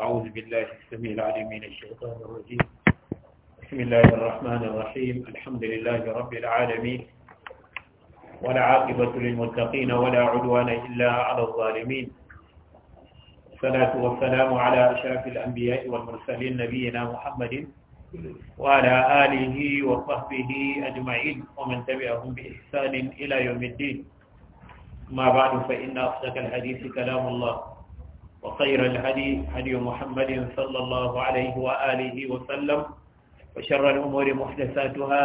أعوذ بالله السميع العليم من الشيطان الرجيم بسم الله الرحمن الرحيم الحمد لله رب العالمين ولا عاقبة للمتقين ولا عدوان إلا على الظالمين الصلاة والسلام على أشرف الأنبياء والمرسلين نبينا محمد وعلى آله وصحبه أجمعين ومن تبعهم بإحسان إلى يوم الدين ما بعد فإن أصدق الحديث كلام الله وخير الهدي هدي محمد صلى الله عليه وآله وسلم وشر الأمور محدثاتها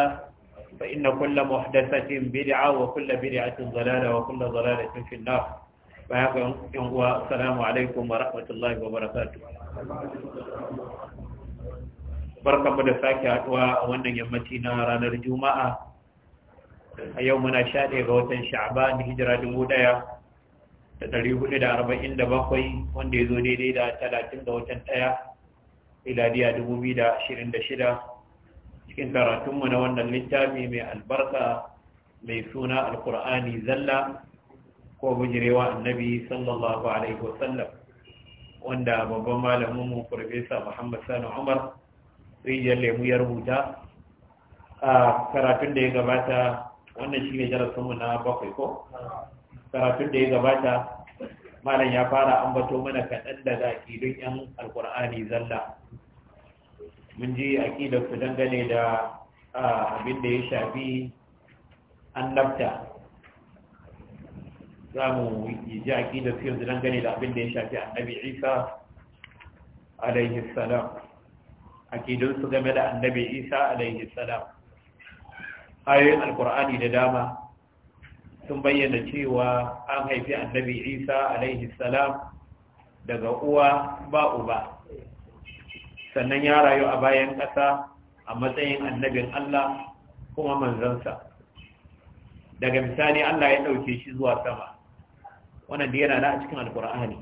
فإن كل محدثة بدعة وكل بدعة ضلالة وكل ضلالة في النار السلام عليكم ورحمة الله وبركاته barkan mu da sake haduwa a wannan yammaci na ranar juma'a a yau muna sha ga watan sha'ban hijira dubu ɗaya. da ɗari hudu da arba'in da bakwai wanda ya zo daidai da talatin da watan ɗaya iladiya dubu biyu da ashirin da shida cikin karatunmu na wannan littafi mai albarka mai suna alkur'ani zalla ko bujirewa annabi sallallahu alaihi wasallam wanda babban malaminmu farfesa muhammad sani umar rijiyar lemu ya rubuta a karatun da ya gabata wannan shi ne darasinmu na bakwai ko karatun da ya gabata malam ya fara ambato mana kaɗan zaki don 'yan alkur'ani zalla mun ji aƙidar su dangane da abin da ya shafi annabta za mu ji aƙidar su yanzu dangane da abin da ya shafi annabi isa alaihi salam aƙidun su game da annabi isa alaihi salam ayoyin alkur'ani da dama sun bayyana cewa an haifi annabi isa alaihi salam daga uwa ba uba sannan ya rayu a bayan ƙasa a matsayin annabin allah kuma manzansa daga misali allah ya ɗauke shi zuwa sama wannan da yana da a cikin alkur'ani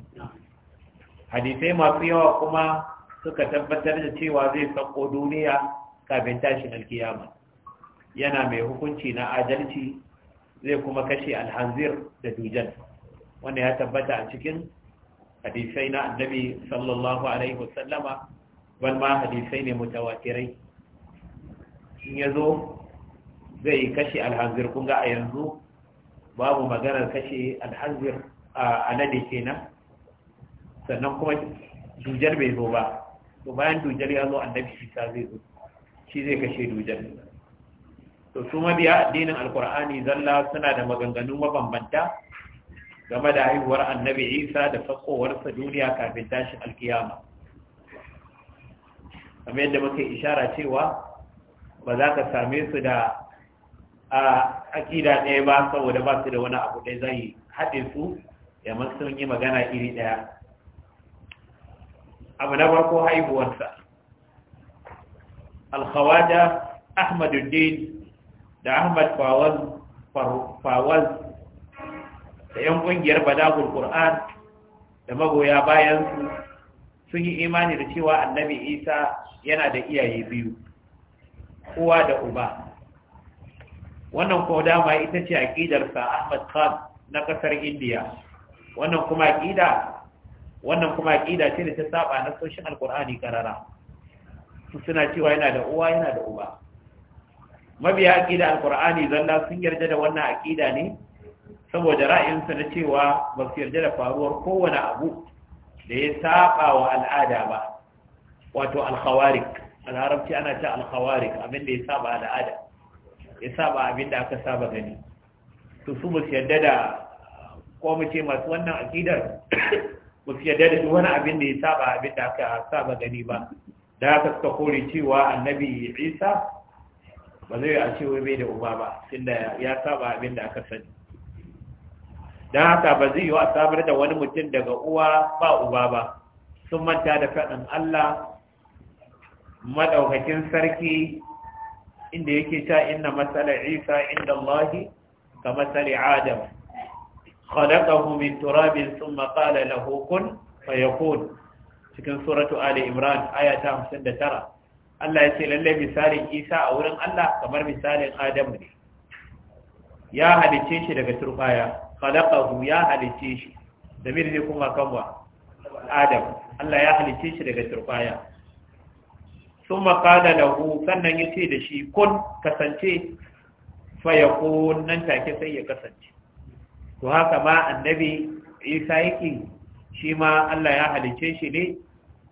hadisai masu yawa kuma suka tabbatar da cewa zai sako duniya kafin tashin alkiyama yana mai hukunci na adalci zai kuma kashe alhanzir da dujan wanda ya tabbata a cikin hadisai na annabi sallallahu alaihi wasallama bal ma hadisai ne mutawatirai in ya zo zai kashe alhanzir kun ga a yanzu babu maganar kashe alhanzir a alade kenan sannan kuma dujar bai zo ba to bayan dujar ya zo annabi isa zai zo shi zai kashe dujar to su mabiya addinin alkur'ani zalla suna da maganganu mabambanta game da haihuwar annabi isa da sakowarsa duniya kafin tashin alkiyama kamar yadda muke ishara cewa ba za ka same su da a akida ɗaya ba saboda ba su da wani abu ɗaya zai haɗe su ya sun yi magana iri ɗaya abu na farko haihuwarsa alkhawaja ahmaduddin da ahmad fawaz da 'yan ƙungiyar badagul Qur'an da magoya su sun yi imani da cewa annabi isa yana da iyaye biyu uwa da uba wannan ko dama ita ce sa ahmad khan na ƙasar indiya wannan kuma aqida wannan kuma aqida ce da ta saba na soshin alƙur'ani karara suna cewa yana da uwa yana da uba mabiya aqida alqur'ani zalla sun yarda da wannan aqida ne saboda ra'ayinsa na cewa ba su yarda da faruwar kowane abu da ya saba wa al'ada ba wato alkhawarik al'arabci ana ta alkhawarik abin da ya saba al'ada ya saba abin da aka saba gani to su ba su yarda da ko mu ce masu wannan aƙidar ba su yarda da wani abin da ya saba abin da aka saba gani ba da haka suka kore cewa annabi isa ba zai a cewa bai da uba ba ya saba abin da aka sani don haka ba zai yiwu a samar da wani mutum daga uwa ba uba ba sun manta da faɗin Allah maɗaukakin sarki inda yake ta inna matsalar isa inda Allahi ka matsali adam khalaqahu min turabin sun qala lahu fayakun cikin suratu ali imran aya ta 59 Allah ya ce lalle misalin Isa a wurin Allah kamar misalin Adamu ne ya halice shi daga turbaya khalaqahu ya halice shi damir zai kuma kanwa Adam Allah ya halice shi daga turbaya thumma qala lahu sannan yace da shi kun kasance fa yakun nan take sai ya kasance to haka ma annabi Isa yake shi ma Allah ya halice shi ne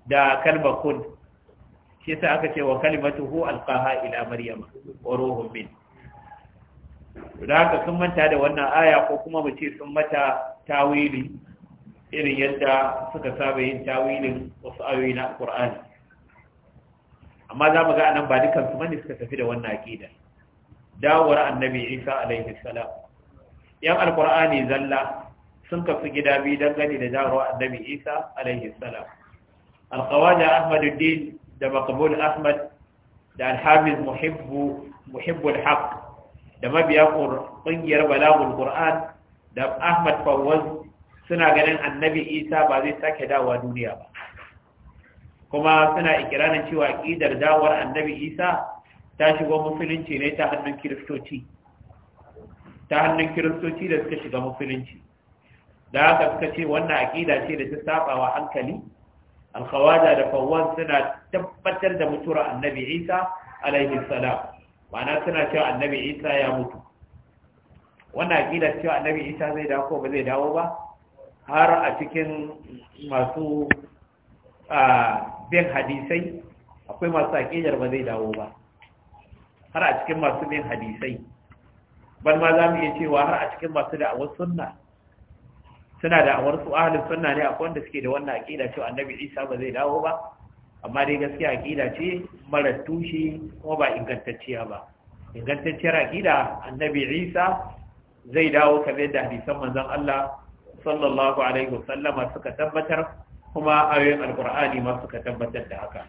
da kalmar kun shi yasa aka ce wa hu alqaha ila maryama wa ruhun min da haka sun manta da wannan aya ko kuma mu ce sun mata tawili irin yadda suka saba yin tawilin wasu ayoyi na alqur'ani amma za mu ga anan ba dukan su bane suka tafi da wannan aqida dawar annabi Isa alaihi salam yan alqur'ani zalla sun kafi gida biyu dangane da dawar annabi Isa alaihi salam alqawaja ahmaduddin da maqbul ahmad da alhafiz muhibbu muhibbul Haq, da mabiya ƙungiyar balagul qur'an da ahmad fawaz suna ganin annabi isa ba zai sake dawowa duniya ba kuma suna ikirarin cewa ƙidar dawowar annabi isa ta shigo musulunci ne ta hannun kiristoci ta hannun kiristoci da suka shiga musulunci da haka suka ce wannan aƙida ce da ta saba wa hankali alkhawaja da fawwan suna tabbatar da mutuwar annabi isa alaihi salam ma'ana suna cewa annabi isa ya mutu wannan aqida cewa annabi isa zai dawo ko ba zai dawo ba har a cikin masu bin hadisai akwai masu aqidar ba zai dawo ba har a cikin masu bin hadisai ban ma za mu iya cewa har a cikin masu da'awar sunna suna da amur su ahalin sunna ne akwai wanda suke da wannan aƙida cewa annabi Isa ba zai dawo ba amma dai gaskiya aƙida ce mara tushe kuma ba ingantacciya ba ingantacciyar aƙida annabi Isa zai dawo kamar da hadisan manzon Allah sallallahu alaihi wasallama suka tabbatar kuma ayoyin alkur'ani ma suka tabbatar da haka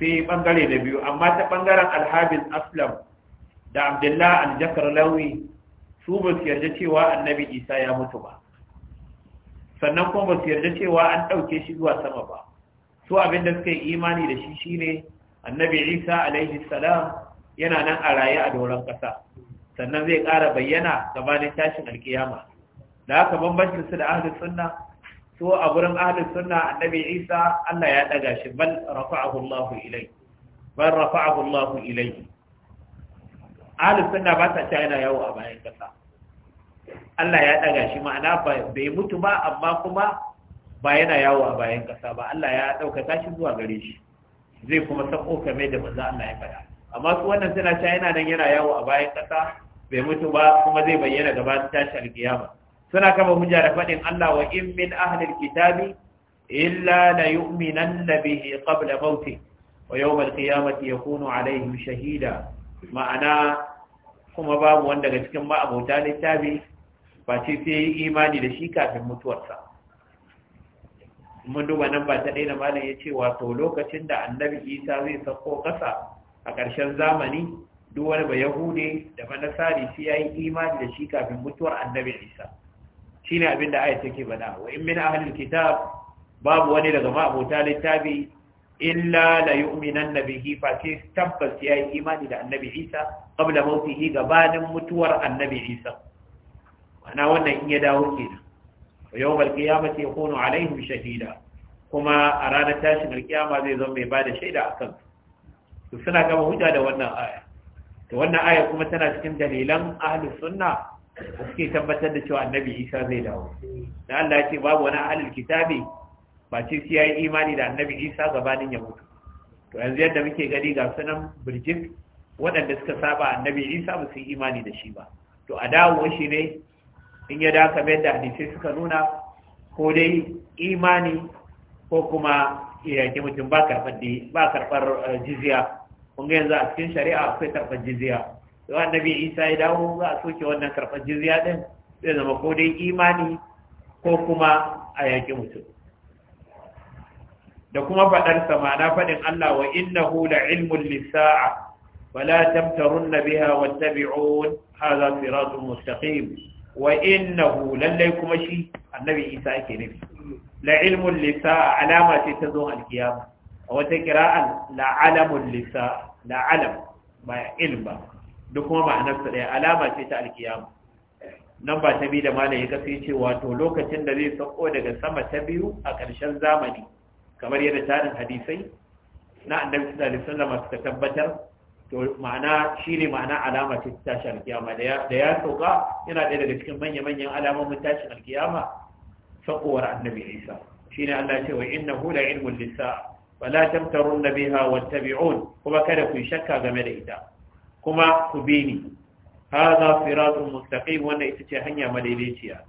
sai bangare da biyu amma ta ɓangaren alhabin aslam da Al aljakar lawi su ba su yarda cewa annabi isa ya mutu ba sannan kuma ba su yarda cewa an ɗauke shi zuwa sama ba su abin da suka yi imani da shi shine annabi isa alaihi salam yana nan a raye a doron ƙasa sannan zai ƙara bayyana gabanin tashin alkiyama da haka bambancin su da ahlus sunna so a gurin ahlus sunna annabi isa Allah ya ɗaga shi bal rafa'ahu Allah ilai bal rafa'ahu ilai ahlus sunna ba ta cewa yana yawo a bayan ƙasa Allah ya ɗaga shi ma'ana bai mutu ba amma kuma ba yana yawo a bayan ƙasa ba Allah ya ɗaukata shi zuwa gare shi zai kuma ƙoƙa mai da maza Allah ya faɗa amma su wannan suna cewa yana nan yana yawo a bayan ƙasa, bai mutu ba kuma zai bayyana gaba ta tashi alƙiyama. suna kama hujja da faɗin Allah wa in min ahlil kitabi illa la yu'minanna bihi qabla mawtihi wa yawm ya yakunu alayhim shahida ma'ana kuma babu wanda daga cikin ma'abota littafi face sai ya yi imani da shi kafin mutuwarsa mun duba nan ba ta daina malam ya ce wato lokacin da annabi isa zai sauko ƙasa a ƙarshen zamani duk wani ba yahude da manasari sai ya yi imani da shi kafin mutuwar annabi isa Shi ne abin da ayat take bada wa in min ahalin kitab babu wani daga ma'abota littafi illa la yu'minan nabihi fa sai tabbas ya yi imani da annabi isa qabla mautihi gabanin mutuwar annabi isa ana wannan in ya dawo kenan wa yawmal qiyamati yakunu alaihim shahida kuma a ranar tashin alkiyama zai zama mai bada shaida a kansu Su suna gama hujja da wannan aya to wannan aya kuma tana cikin dalilan ahlus sunna da suke tabbatar da cewa annabi isa zai dawo da Allah ya ce babu wani ahlul kitabi ba ce sai yayi imani da annabi isa gabanin ya mutu to yanzu yadda muke gani ga sunan birjik waɗanda suka saba annabi isa ba su yi imani da shi ba to a dawo shi ne in ya daka mai da hadisai suka nuna ko dai imani ko kuma yake mutum ba karɓar ba karɓar eh, jizya yanzu a cikin shari'a akwai karɓar jizya to annabi Isa ya dawo za a soke wannan karɓar jiziya ɗin zai zama ko dai imani ko kuma a yake mutum da kuma faɗar sama na faɗin Allah wa hu la ilmun lisa'a wala tamtarunna biha wattabi'un hadha siratun mustaqim wa innahu lallai kuma shi annabi isa ake nufi la ilmun lisa alama ce ta zo alkiyama a wata kira'an la alamun lisa la alam ba ilm ba duk kuma ma'anarsa ɗaya alama ce ta alkiyama nan ba ta bi da malaye sai ce wato lokacin da zai sauko daga sama ta biyu a ƙarshen zamani kamar yadda tarin hadisai na annabi sallallahu alaihi wasallam suka tabbatar to ma'ana shine ma'ana alama ce ta tashin alkiyama da ya sauka yana ɗaya daga cikin manya-manyan alamomin tashin alkiyama sakowar annabi isa shine Allah ce wa innahu la ilmun lisa wala tamtarun biha wattabi'un kuma kada ku shakka game da ita kuma ku bi ni hadha siratun mustaqim wannan ita ce hanya madaidaiciya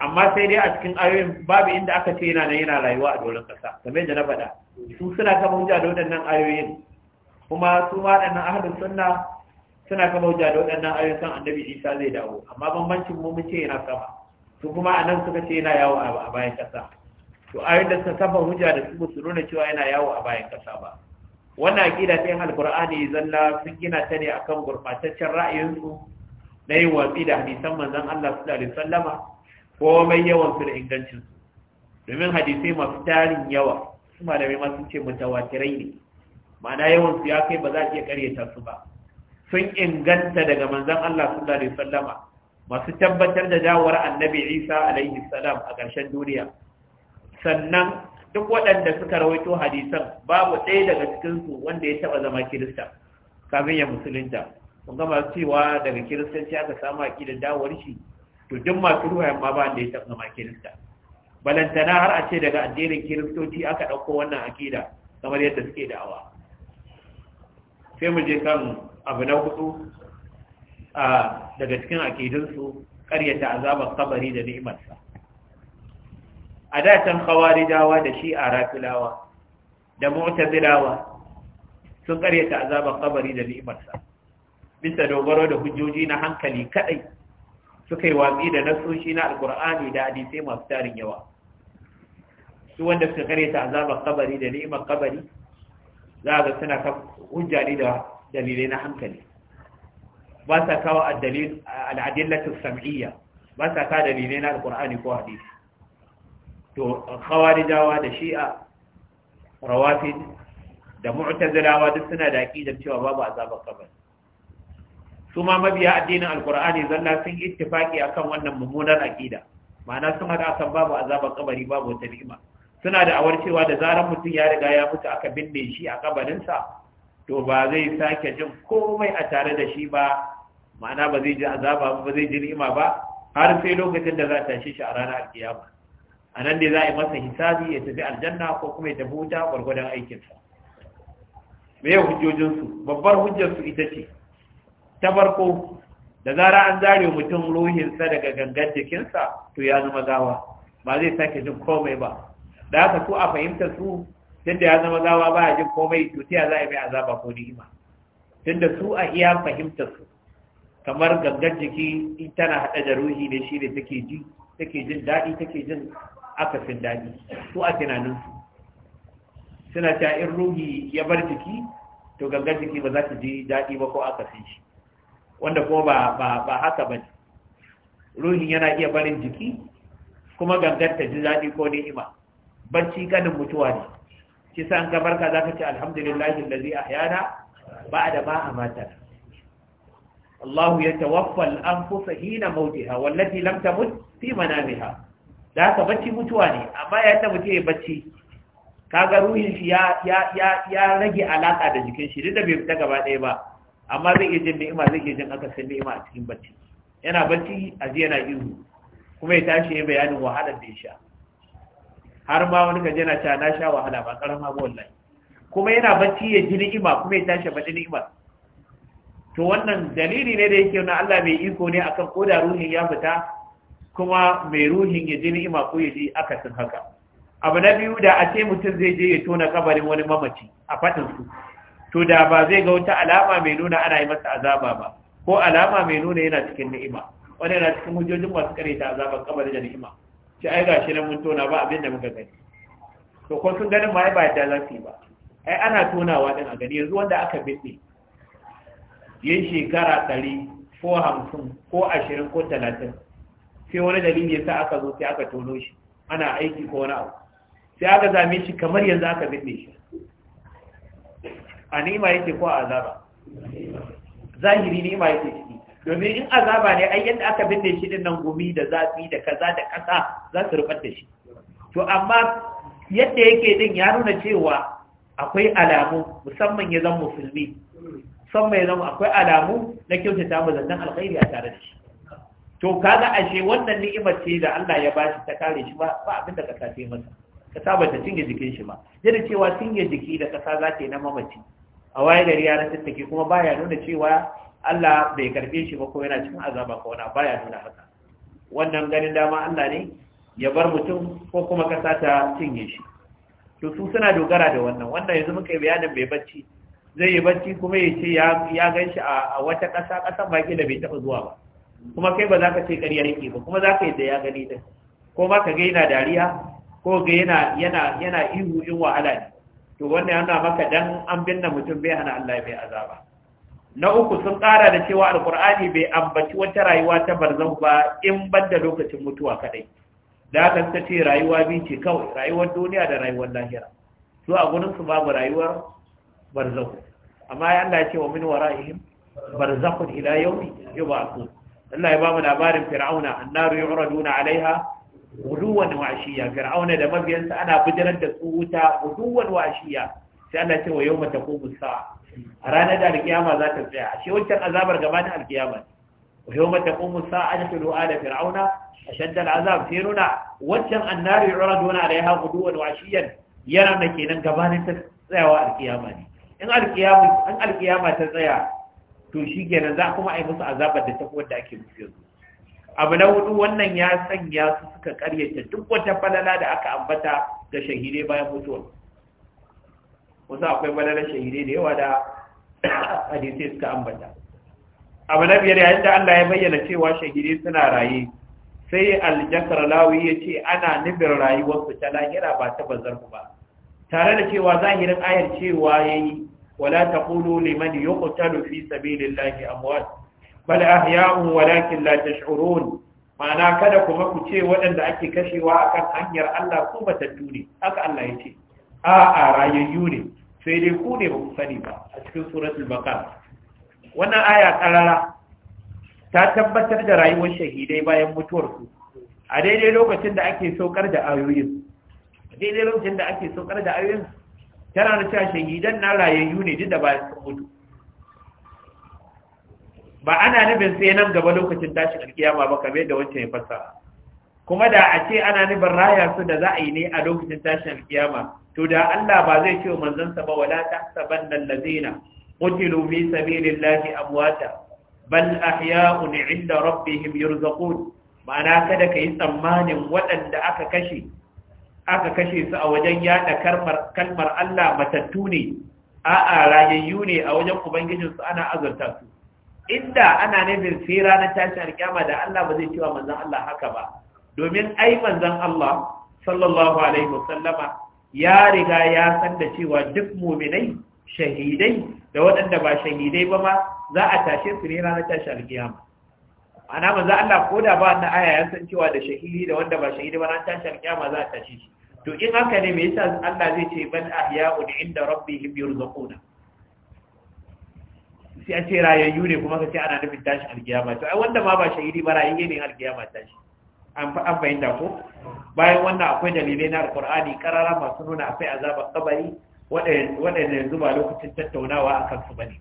amma sai dai a cikin ayoyin babu inda aka ce yana nan yana rayuwa a doron kasa game da na faɗa su suna kama hujja da waɗannan ayoyin kuma su ma waɗannan ahlus sunna suna kama hujja da waɗannan ayoyin san annabi Isa zai dawo amma bambancin mu mun ce yana sama su kuma anan suka ce yana yawo a bayan kasa to ayoyin da suka kama hujja da su su nuna cewa yana yawo a bayan kasa ba wannan aqida ta yin alqur'ani zalla sun gina ta ne akan gurbataccen ra'ayinsu na yin watsi da hadisan manzon Allah sallallahu alaihi wasallama ko mai yawan fil da su domin hadisai masu tarin yawa su malamai ma sun ce mutawatirai ne ma'ana yawan su ya kai ba za a iya karyata su ba sun inganta daga manzan Allah sallallahu alaihi wasallama masu tabbatar da dawar annabi Isa alaihi salam a ƙarshen duniya sannan duk waɗanda suka rawaito hadisan babu ɗaya daga cikin su wanda ya taɓa zama kirista kafin ya musulunta mun gama cewa daga kiristanci aka samu aƙidar dawar shi to duk masu ruhayen ma ba wanda ya taɓa zama kirista balantana har a ce daga addinin kiristoci aka ɗauko wannan akida kamar yadda suke da'awa sai mu je kan abu na hudu daga cikin akidunsu karyata azabar kabari da ni'imarsa a datan kawarijawa da a rafilawa da mu'tazilawa sun karyata azabar kabari da ni'imarsa bisa dogaro da hujjoji na hankali kadai suka yi watsi da nasoshi na Alƙur'ani da hadisai masu tarin yawa su wanda suka kare ta azabar kabari da ni'imar kabari za ga suna ka hujja ne da dalilai na hankali ba sa kawo al'adillatu sam'iyya ba sa kawo dalilai na alkur'ani ko hadisi to khawarijawa da shi'a Rawafin da mu'tazilawa duk suna da aqida cewa babu azabar kabari su ma mabiya addinin alqur'ani zalla sun ittifaki akan wannan mummunar aqida ma'ana sun hada kan babu azabar kabari babu wata ni'ima suna da awar cewa da zarar mutum ya riga ya mutu aka binne shi a kabarinsa to ba zai sake jin komai a tare da shi ba ma'ana ba zai ji azaba ba zai ji ni'ima ba har sai lokacin da za ta shi a ranar alkiyama a nan dai za a yi masa hisabi ya tafi aljanna ko kuma ya tafi wuta gwargwadon aikinsa me ya su babbar hujjar su ita ce ta farko da zara an zare mutum ruhinsa daga gangan jikinsa to ya zama gawa ba zai sake jin komai ba da aka so a fahimtar su tunda ya zama gawa a jin komai to ta za a mai azaba ko ni'ima tunda su a iya fahimtar su kamar gangan jiki in tana hada da ruhi ne shi ne take ji take jin daɗi take jin akasin daɗi su a tunanin su suna ta in ruhi ya bar jiki to gangan jiki ba za ta ji daɗi ba ko akasin shi wanda kuma ba ba ba haka ba ruhin yana iya barin jiki kuma gangan ta ji daɗi ko ni'ima bacci kanin mutuwa ne shi sa an gabar ka zaka ce alhamdulillahi allazi ahyana ba'da ma amata Allah ya tawaffa al-anfus hina mautiha wallati lam tamut fi manamiha zaka bacci mutuwa ne amma ya ta mutuwa ya bacci kaga ruhin shi ya ya ya rage alaka da jikin shi da bai fita gaba ɗaya ba amma zai iya jin ni'ima zai iya jin aka san ni'ima a cikin bacci yana bacci a yana ihu kuma ya tashi ya bayanin wahalar da ya sha har ma wani gaje na cewa na sha wahala ba karama ba wallahi kuma yana bacci ya ji ni'ima kuma ya tashi baɗi ni'ima to wannan dalili ne da yake na Allah mai iko ne akan ko da ruhin ya fita kuma mai ruhin ya ji ni'ima ko ya ji akasin haka abu na biyu da a ce mutum zai je ya tona kabarin wani mamaci a faɗin su to da ba zai ga wata alama mai nuna ana yi masa azaba ba ko alama mai nuna yana cikin ni'ima wani yana cikin hujjojin masu kare ta azaban kabarin da ni'ima sai ai gashi nan mun tona ba abin da muka gani to ko sun ganin ma ai ba yadda za su yi ba ai ana tonawa din a gani yanzu wanda aka bitse yin shekara ɗari ko hamsin ko ashirin ko talatin sai wani dalili ya sa aka zo sai aka tono shi ana aiki ko wani abu sai aka zame shi kamar yanzu aka bitse shi a ni'ima yake ko a azaba zahiri ni'ima yake ciki domin in azaba ne ai yadda aka binne shi din nan gumi da zafi da kaza da kasa za su rufar da shi to amma yadda yake din ya nuna cewa akwai alamu musamman ya zama musulmi musamman ya zama akwai alamu na kyautata mu zannan alkhairi a tare da shi to kaga ashe wannan ni'imar ce da Allah ya bashi ta kare shi ba ba abin ka sace masa kasa saba ta cinye jikin shi ba yadda cewa cinye jiki da kasa za ta yi na mamaci a waye gari ya rasa take kuma baya nuna cewa Allah bai karbe shi ba ko yana cikin azaba ko wani baya nuna haka wannan ganin dama Allah ne ya bar mutum ko kuma kasa ta cinye shi to su suna dogara da wannan wannan yanzu muka yi bayanin bai bacci zai yi bacci kuma ya ce ya gan shi a wata ƙasa ƙasan baki da bai taɓa zuwa ba kuma kai ba za ka ce ƙarya yake ba kuma za ka yadda ya gani din ko ma ka ga yana dariya ko ga yana yana yana ihu in wahala ne to wannan yana maka dan an binne mutum bai hana Allah bai azaba na uku sun ƙara da cewa alkur'ani bai ambaci wata rayuwa ta barzan ba in banda lokacin mutuwa kadai da aka ta ce rayuwa biyu ce kawai rayuwar duniya da rayuwar lahira su a gurin su babu rayuwar barzan amma ya Allah ya ce wa min wara'ihim barzakhun ila yawmi yub'athun Allah ya bamu labarin fir'auna annaru yu'raduna 'alayha guduwan wa ashiya fir'auna da mabiyansa ana bijirar da su wuta guduwan wa ashiya sai Allah ce wa yawma taqumu sa'a a ranar da alkiyama za ta tsaya ashe wancan azabar gaba na alkiyama wa yawma taqumu sa'atu Ru'a, da fir'auna a shaddar azab sai nuna wancan annabi ya alaiha quduwan wa washiyar yana da kenan gabanin ta tsayawa alkiyama ne in alkiyama ta tsaya to shi kenan za kuma a yi musu azabar da ta wanda ake musu yanzu abu na hudu wannan ya sanya su suka karyata duk wata falala da aka ambata ga shahidai bayan mutuwa kusa akwai balalar shahidai da yawa da hadisai suka ambata abu na biyar yayin da Allah ya bayyana cewa shahidai suna raye sai aljakar lawi ya ce ana nufin rayuwarsu ta lahira ba ta bazar ba tare da cewa zahirin ayar cewa ya yi wala ta kulu liman yi kutalu fi sabilin lahi amwat bal ahya'un walakin la tash'urun ma'ana kada kuma ku ce waɗanda ake kashewa akan hanyar Allah ko matattu ne haka Allah ya ce a'a rayayyu ne sai dai ku ne ba ku sani ba a cikin suratul baqara wannan aya karara ta tabbatar da rayuwar shahidai bayan mutuwarsu a daidai lokacin da ake saukar da ayoyin daidai lokacin da ake saukar da ayoyin tana da cewa shahidan na rayayyu ne duk da bayan sun mutu ba ana nufin sai nan gaba lokacin tashin alkiyama ba kamar yadda wancan ya fassara kuma da a ce ana nufin raya su da za a yi ne a lokacin tashin kiyama to da Allah ba zai ce wa manzansa ba wala tahsabanna allazina qutilu fi sabilillahi amwata bal ahya'un 'inda rabbihim yurzaqun ma'ana kada ka yi tsammanin waɗanda aka kashe aka kashe su a wajen yada kalmar Allah matattu ne a'a rayayyu ne a wajen ubangijinsu ana azurta su inda ana nufin sai ranar tashin alkiyama da Allah ba zai cewa manzon Allah haka ba domin ai manzon Allah sallallahu alaihi wasallama ya riga ya san da cewa duk muminai shahidai da waɗanda ba shahidai ba ma za a tashe su ne ranar tashi alkiyama ana manzo Allah ko da ba na aya ya san cewa da shahidi da wanda ba shahidi ba ranar tashi alkiyama za a tashe shi to in haka ne me yasa Allah zai ce bal ahya'un inda rabbihim yurzaquna sai a ce rayayyu ne kuma ka ce ana nufin tashi alkiyama to ai wanda ma ba shahidi ba rayayye ne alkiyama tashi an fahimta ko bayan wannan akwai dalilai na alkur'ani karara masu nuna akwai azabar kabari waɗanda yanzu ba lokacin tattaunawa a kansu ba ne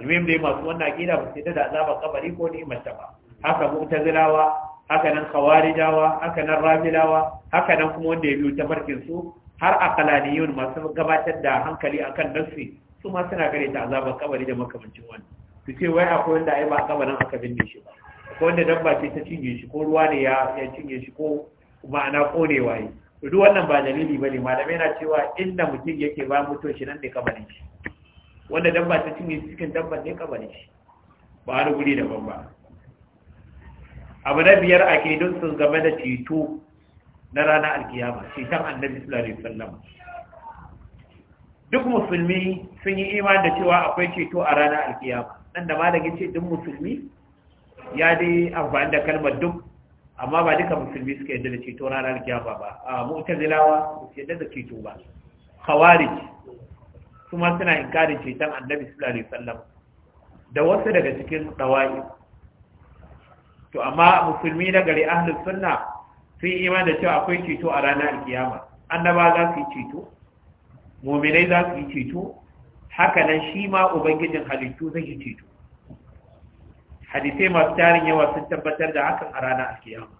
alwim dai masu wannan aƙida ba su da azabar kabari ko ni'imarta ba haka mu'tazilawa haka nan khawarijawa haka nan rabilawa haka nan kuma wanda ya biyu ta farkin su har akalaniyun masu gabatar da hankali akan nafsi su ma suna gare ta azabar kabari da makamancin wannan su ce wai akwai wanda ai ba a kabarin aka binne shi ba ko wanda dabba ce ta cinye shi ko ruwa ne ya cinye shi ko ma'ana konewa yi duk wannan ba dalili ba ne. malamai na cewa inda mutum yake ba mutu shi nan ne kabarin shi wanda dabba ta cinye cikin dabba ne kabarin shi ba wani guri daban ba abu na biyar a ke don sun game da ceto na ranar alkiyama ceton annabi sallallahu alaihi wasallam duk musulmi sun yi iman da cewa akwai ceto a ranar alkiyama nan da malagin ce duk musulmi ya dai amfani da kalmar duk amma ba duka musulmi suka yadda da ceto ranar kiyama ba a mu'tazilawa su yadda da ceto ba khawarij kuma suna inkarin ceton annabi sallallahu alaihi wasallam da wasu daga cikin dawai to amma musulmi na gari ahlus sunna sun iman da cewa akwai ceto a ranar kiyama annaba za su yi ceto mu'minai za su yi ceto haka nan shi ma ubangijin halittu zai yi ceto hadisai masu tarin yawa sun tabbatar da hakan a ranar alkiyama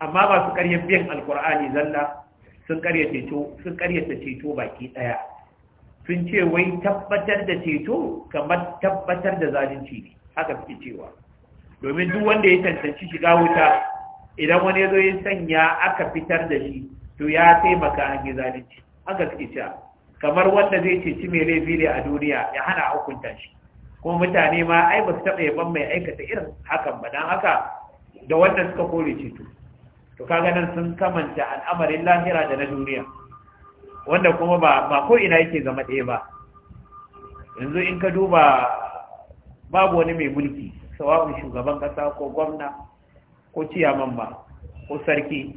amma masu karyar biyan alkur'ani zalla sun karyata ceto baki ɗaya, sun ce wai tabbatar da ceto kamar tabbatar da zalunci ne haka suke cewa domin duk wanda ya tantanci shiga wuta idan wani ya zo ya sanya aka fitar da shi to ya taimaka an yi zalunci haka suke cewa kamar wanda zai ceci mai laifi ne a duniya ya hana hukunta shi Kuma mutane ma ai ba su taɓa yaban mai aikata irin hakan ba don haka da wanda suka kore ceto to ga nan sun kamanta al'amarin lahira da na duniya wanda kuma ba ba ko ina yake zama ɗaya ba yanzu in ka duba babu wani mai mulki sawa'un shugaban ƙasa ko gwamna ko ciyaman ba ko sarki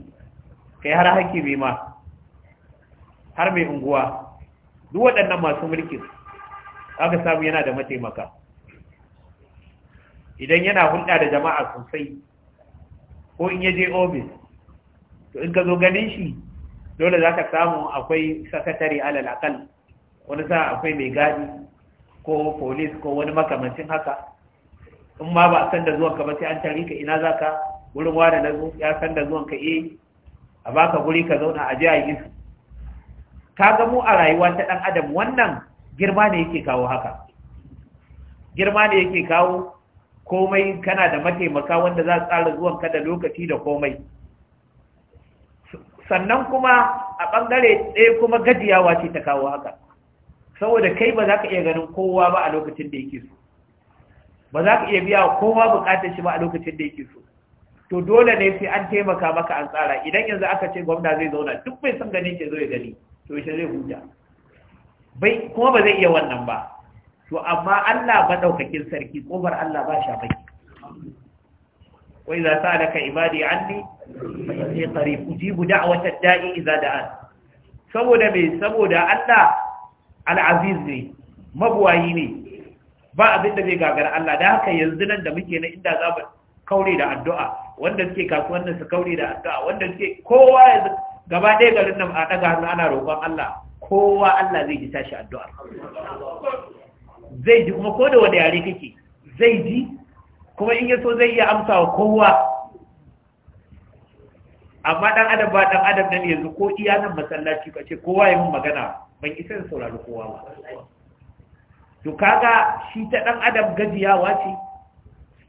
kai har hakimi ma har mai unguwa duk waɗannan masu mulki aka samu yana da mataimaka idan yana hulɗa da jama'a sosai ko in yaje ofis to in ka zo ganin shi dole za ka samu akwai sakatare alal akal wani sa akwai mai gadi ko polis ko wani makamancin haka in ma ba a san da zuwanka ba sai an tari ka ina za ka wurin wada na ya san da zuwanka eh a baka guri ka zauna a jiya yi ka ga mu a rayuwa ta dan adam wannan girma ne yake kawo haka girma ne yake kawo komai kana da mataimaka wanda za su tsara zuwan ka da lokaci da komai sannan kuma a bangare ɗaya kuma gajiyawa ce ta kawo haka saboda kai ba za ka iya ganin kowa ba a lokacin da yake so ba za ka iya biya kowa bukatar shi ba a lokacin da yake so to dole ne sai an taimaka maka an tsara idan yanzu aka ce gwamna zai zauna duk mai son gani ke zo ya gani to shi zai huta bai kuma ba zai iya wannan ba to amma Allah madaukakin sarki bar Allah ba sha baki wa idza sa'alaka ibadi anni fa inni guda ujibu da'watad da'i idza da'an saboda me saboda Allah al-aziz ne mabuwayi ne ba abin da zai gagara Allah da haka yanzu nan da muke na inda za mu kaure da addu'a wanda suke kasuwannin su kaure da addu'a wanda suke kowa yanzu gaba ɗaya garin nan a ɗaga hannu ana roƙon Allah kowa Allah zai ji tashi addu'a zai ji kuma ko da wanda yare kake zai ji kuma in yaso zai iya amsa wa kowa amma dan adam ba dan adam nan yanzu ko iya nan masallaci kace kowa ya mun magana ban isa in saurari kowa ba to kaga shi ta dan adam gajiyawa ce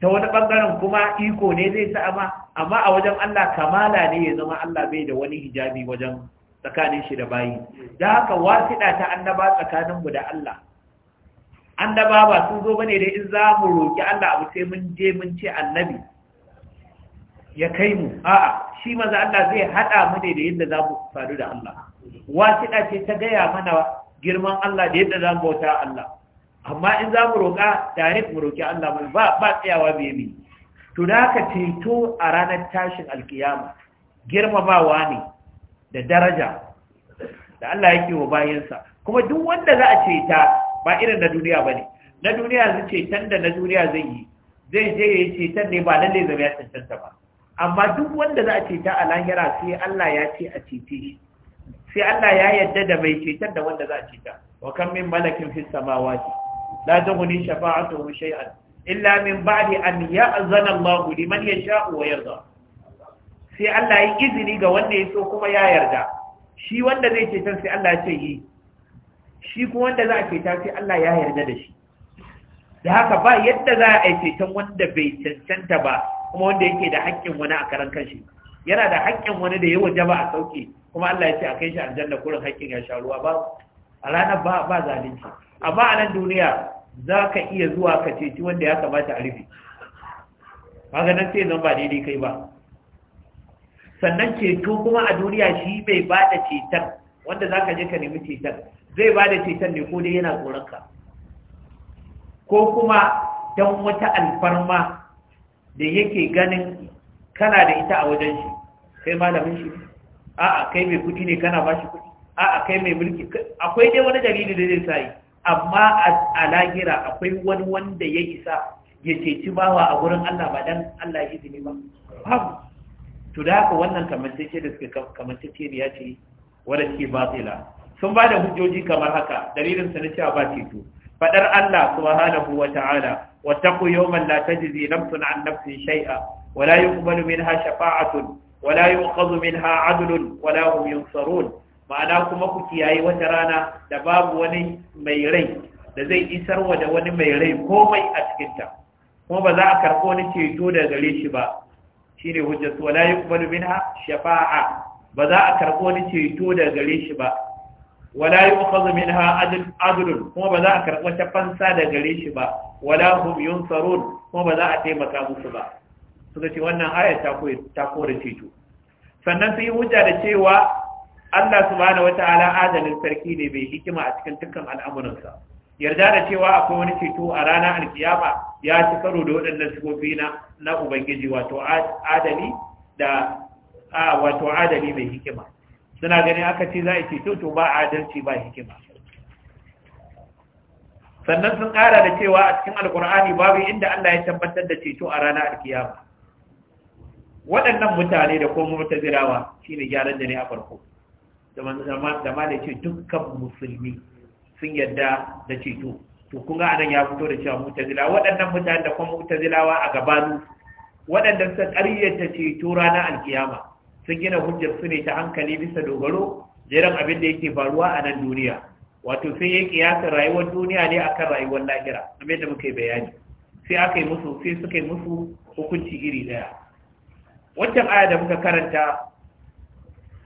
ta wani bangaren kuma iko ne zai sa amma amma a wajen Allah kamala ne ya zama Allah bai da wani hijabi wajen tsakanin shi da bayi da haka wasiɗa ta annaba tsakaninmu da Allah annaba ba sun zo bane dai in za mu roki Allah abu sai mun je mun ce annabi ya kai mu a'a shi maza Allah zai haɗa mu ne da yadda za mu faru da Allah wasiɗa ce ta gaya mana girman Allah da yadda za mu bauta Allah amma in za mu roƙa direct mu roƙi Allah mun ba ba tsayawa mi to da ka ceto a ranar tashin alkiyama girmamawa ne da daraja da Allah yake wa bayansa kuma duk wanda za a ceta ba irin na duniya ba ne na duniya zai ceton da na duniya zai yi zai je ya yi ceton ne ba lalle zama ya cancanta ba amma duk wanda za a ceta a lahira sai Allah ya ce a cece shi sai Allah ya yadda da mai ceton da wanda za a ceta wa kan min malakin fis samawati la tughni shafa'atuhum shay'an illa min ba'di an ya'zana Allah liman yasha'u wa yarda sai Allah ya izini ga wanda ya so kuma ya yarda shi wanda zai ceton sai Allah ya ce yi shi kuma wanda za a ceta sai Allah ya yarda da shi da haka ba yadda za a ceton wanda bai cancanta ba kuma wanda yake da haƙƙin wani a karan kanshi yana da haƙƙin wani da ya waje ba a sauke kuma Allah ya ce a kai shi aljanna kurin haƙƙin ya sha ruwa ba a ranar ba ba zalunci amma a nan duniya za ka iya zuwa ka ceci wanda ya kamata a rufe maganin sai zan ba daidai kai ba sannan ceto kuma a duniya shi bai ba da ceton wanda za ka je ka nemi cetar zai ba da ceton ne ko dai yana tsoronka ko kuma don wata alfarma da yake ganin kana da ita a wajen shi kai malamin shi a'a kai mai kudi ne kana ba shi kudi a'a kai mai mulki akwai dai wani dalili da zai sa yi. amma a lahira akwai wani wanda ya isa ya ceci bawa a gurin Allah ba dan Allah ya izini ba babu to da haka wannan kamantacce da suke kamantacce ya ce wadda suke batila sun ba da hujjoji kamar haka dalilin sa na cewa ba ceto fadar Allah subhanahu wa ta'ala wa taqu yawman la tajzi nafsun an nafsin shay'a wa la yuqbalu minha shafa'atun wa la yu'khadhu minha 'adlun wa la hum yunsarun ma'ana kuma ku kiyaye wata rana da babu wani mai rai da zai isar wa da wani mai rai komai a cikin ta kuma ba za a karɓo wani ceto daga gare shi ba shine hujjatu wa la yuqbalu minha shafa'a ba za a karɓo wani ceto daga gare shi ba wala yu'khadhu minha adlun kuma ba za a karɓi wata fansa da gare shi ba wala hum yunsarun kuma ba za a taimaka musu ba suka wannan ayar ta koyi ceto sannan sun yi hujja da cewa Allah su subhanahu wata ala'adanin sarki ne mai hikima a cikin dukkan al'amuransa yarda da cewa akwai wani ceto a rana alkiyama ya ci karo da waɗannan sifofi na ubangiji wato adali da wato adali mai hikima suna ganin aka ce za a ceto to ba adalci ba hikima sannan sun ƙara da cewa a cikin alkur'ani babu inda Allah ya tabbatar da ceto a ranar alkiyama waɗannan mutane da kuma mutazirawa shine gyaran da ne a farko da ma da ce dukkan musulmi sun yarda da ceto to kun ga anan ya fito da cewa mutazila waɗannan mutane da kuma mutazilawa a gaban waɗanda suka ƙaryata ceto ranar alkiyama sun gina hujjar su ne ta hankali bisa dogaro jiran abin da yake faruwa a nan duniya wato sai ya kiyasa rayuwar duniya ne akan rayuwar lahira kamar da muka yi bayani sai aka yi musu sai suka yi musu hukunci iri daya wancan aya da muka karanta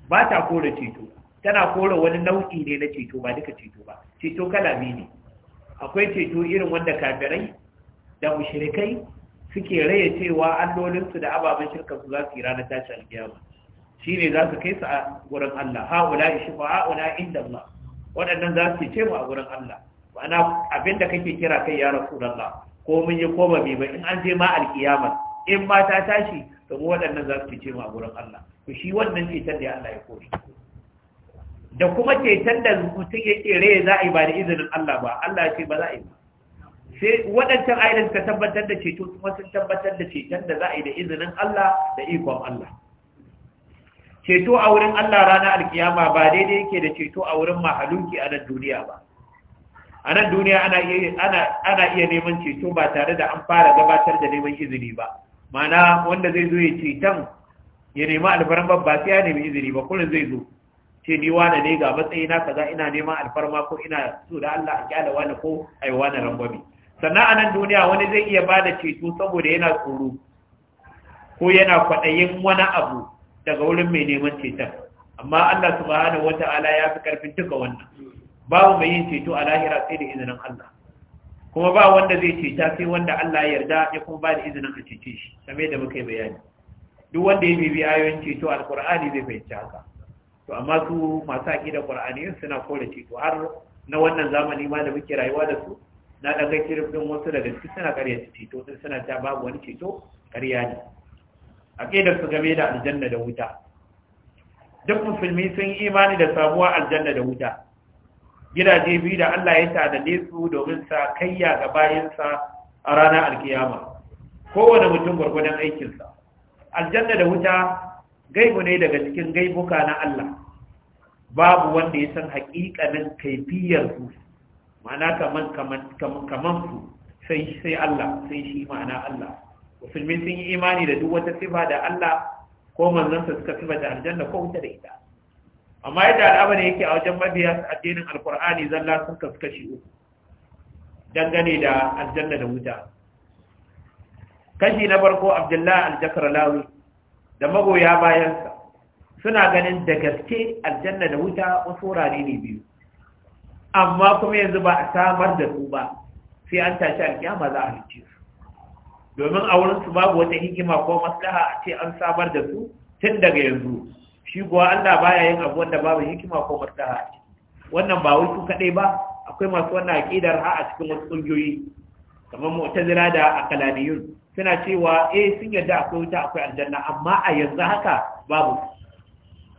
ba ta kore ceto tana kore wani nau'i ne na ceto ba duka ceto ba ceto kala ne akwai ceto irin wanda kafirai da mushrikai suke raya cewa allolinsu da ababen shirka su za su yi ranar tashin alkiyama shine za su kai su a gurin Allah haula shufa'auna inda Allah waɗannan za su ce mu a gurin Allah abin da kake kira kai ya rasu Allah ko mun yi koma ba mai ba in an je ma alkiyama in ma ta tashi to mu waɗannan za su ce mu a gurin Allah to shi wannan cetar da Allah ya kore da kuma cetar da mutum kere ya za a yi ba da izinin Allah ba Allah ya ce ba za a yi ba sai waɗancan ayyukan ka tabbatar da ceto kuma sun tabbatar da ceton da za a yi da izinin Allah da ikon Allah ceto a wurin Allah rana alkiyama ba daidai yake da ceto a wurin mahaluki a nan duniya ba a nan duniya ana iya neman ceto ba tare da an fara gabatar da neman izini ba mana wanda zai zo ya ceton ya nema alfarma ba sai ya nemi izini ba kullum zai zo ce ni wane ne ga matsayi na kaza ina neman alfarma ko ina so da Allah a kyala wani ko ai wani rangwami sannan a nan duniya wani zai iya bada ceto saboda yana tsoro ko yana kwaɗayin wani abu daga wurin mai neman ceton amma Allah subhanahu wata'ala ya fi karfin duka wannan babu mai yin ceto a lahira sai da izinin Allah kuma ba wanda zai ceta sai wanda Allah ya yarda ya kuma ba da izinin a cece shi same da muka yi bayani duk wanda ya bibi ayoyin ceto alqur'ani zai fahimci haka to amma su masu aƙidar qur'ani suna kore ceto har na wannan zamani ma da muke rayuwa da su na daga kirifin wasu daga cikin suna ƙarya ceto din suna ta babu wani ceto ƙarya ne aqidar su game da aljanna da wuta duk musulmi sun yi imani da sabuwar aljanna da wuta gidaje biyu da Allah ya ne su domin sa kayya ga bayansa a ranar alkiyama kowane mutum gwargwadon aikinsa aljanna da wuta gaibu ne daga cikin gaibuka na Allah babu wanda ya san haƙiƙanin kaifiyar su ma'ana kaman su sai sai Allah sai shi ma'ana Allah musulmi sun yi imani da duk wata sifa da Allah ko manzansa suka sifa da aljanna ko wuta da ita amma yadda al'amari yake a wajen mabiya addinin alkur'ani zalla sun kasu kashi uku dangane da aljanna da wuta kashi na farko abdullahi Lawi, da magoya bayansa suna ganin da gaske aljanna da wuta wasu wurare ne biyu amma kuma yanzu ba a samar da su ba sai an tashi alkiyama za a halicce su domin a wurinsu babu wata hikima ko maslaha a ce an samar da su tun daga yanzu shi kuwa Allah baya yin abu wanda babu hikima ko maslaha wannan ba wai su kadai ba akwai masu wannan aqidar ha a cikin wasu kungiyoyi kamar mu'tazila da akalaniyun suna cewa eh sun yarda akwai wuta akwai aljanna amma a yanzu haka babu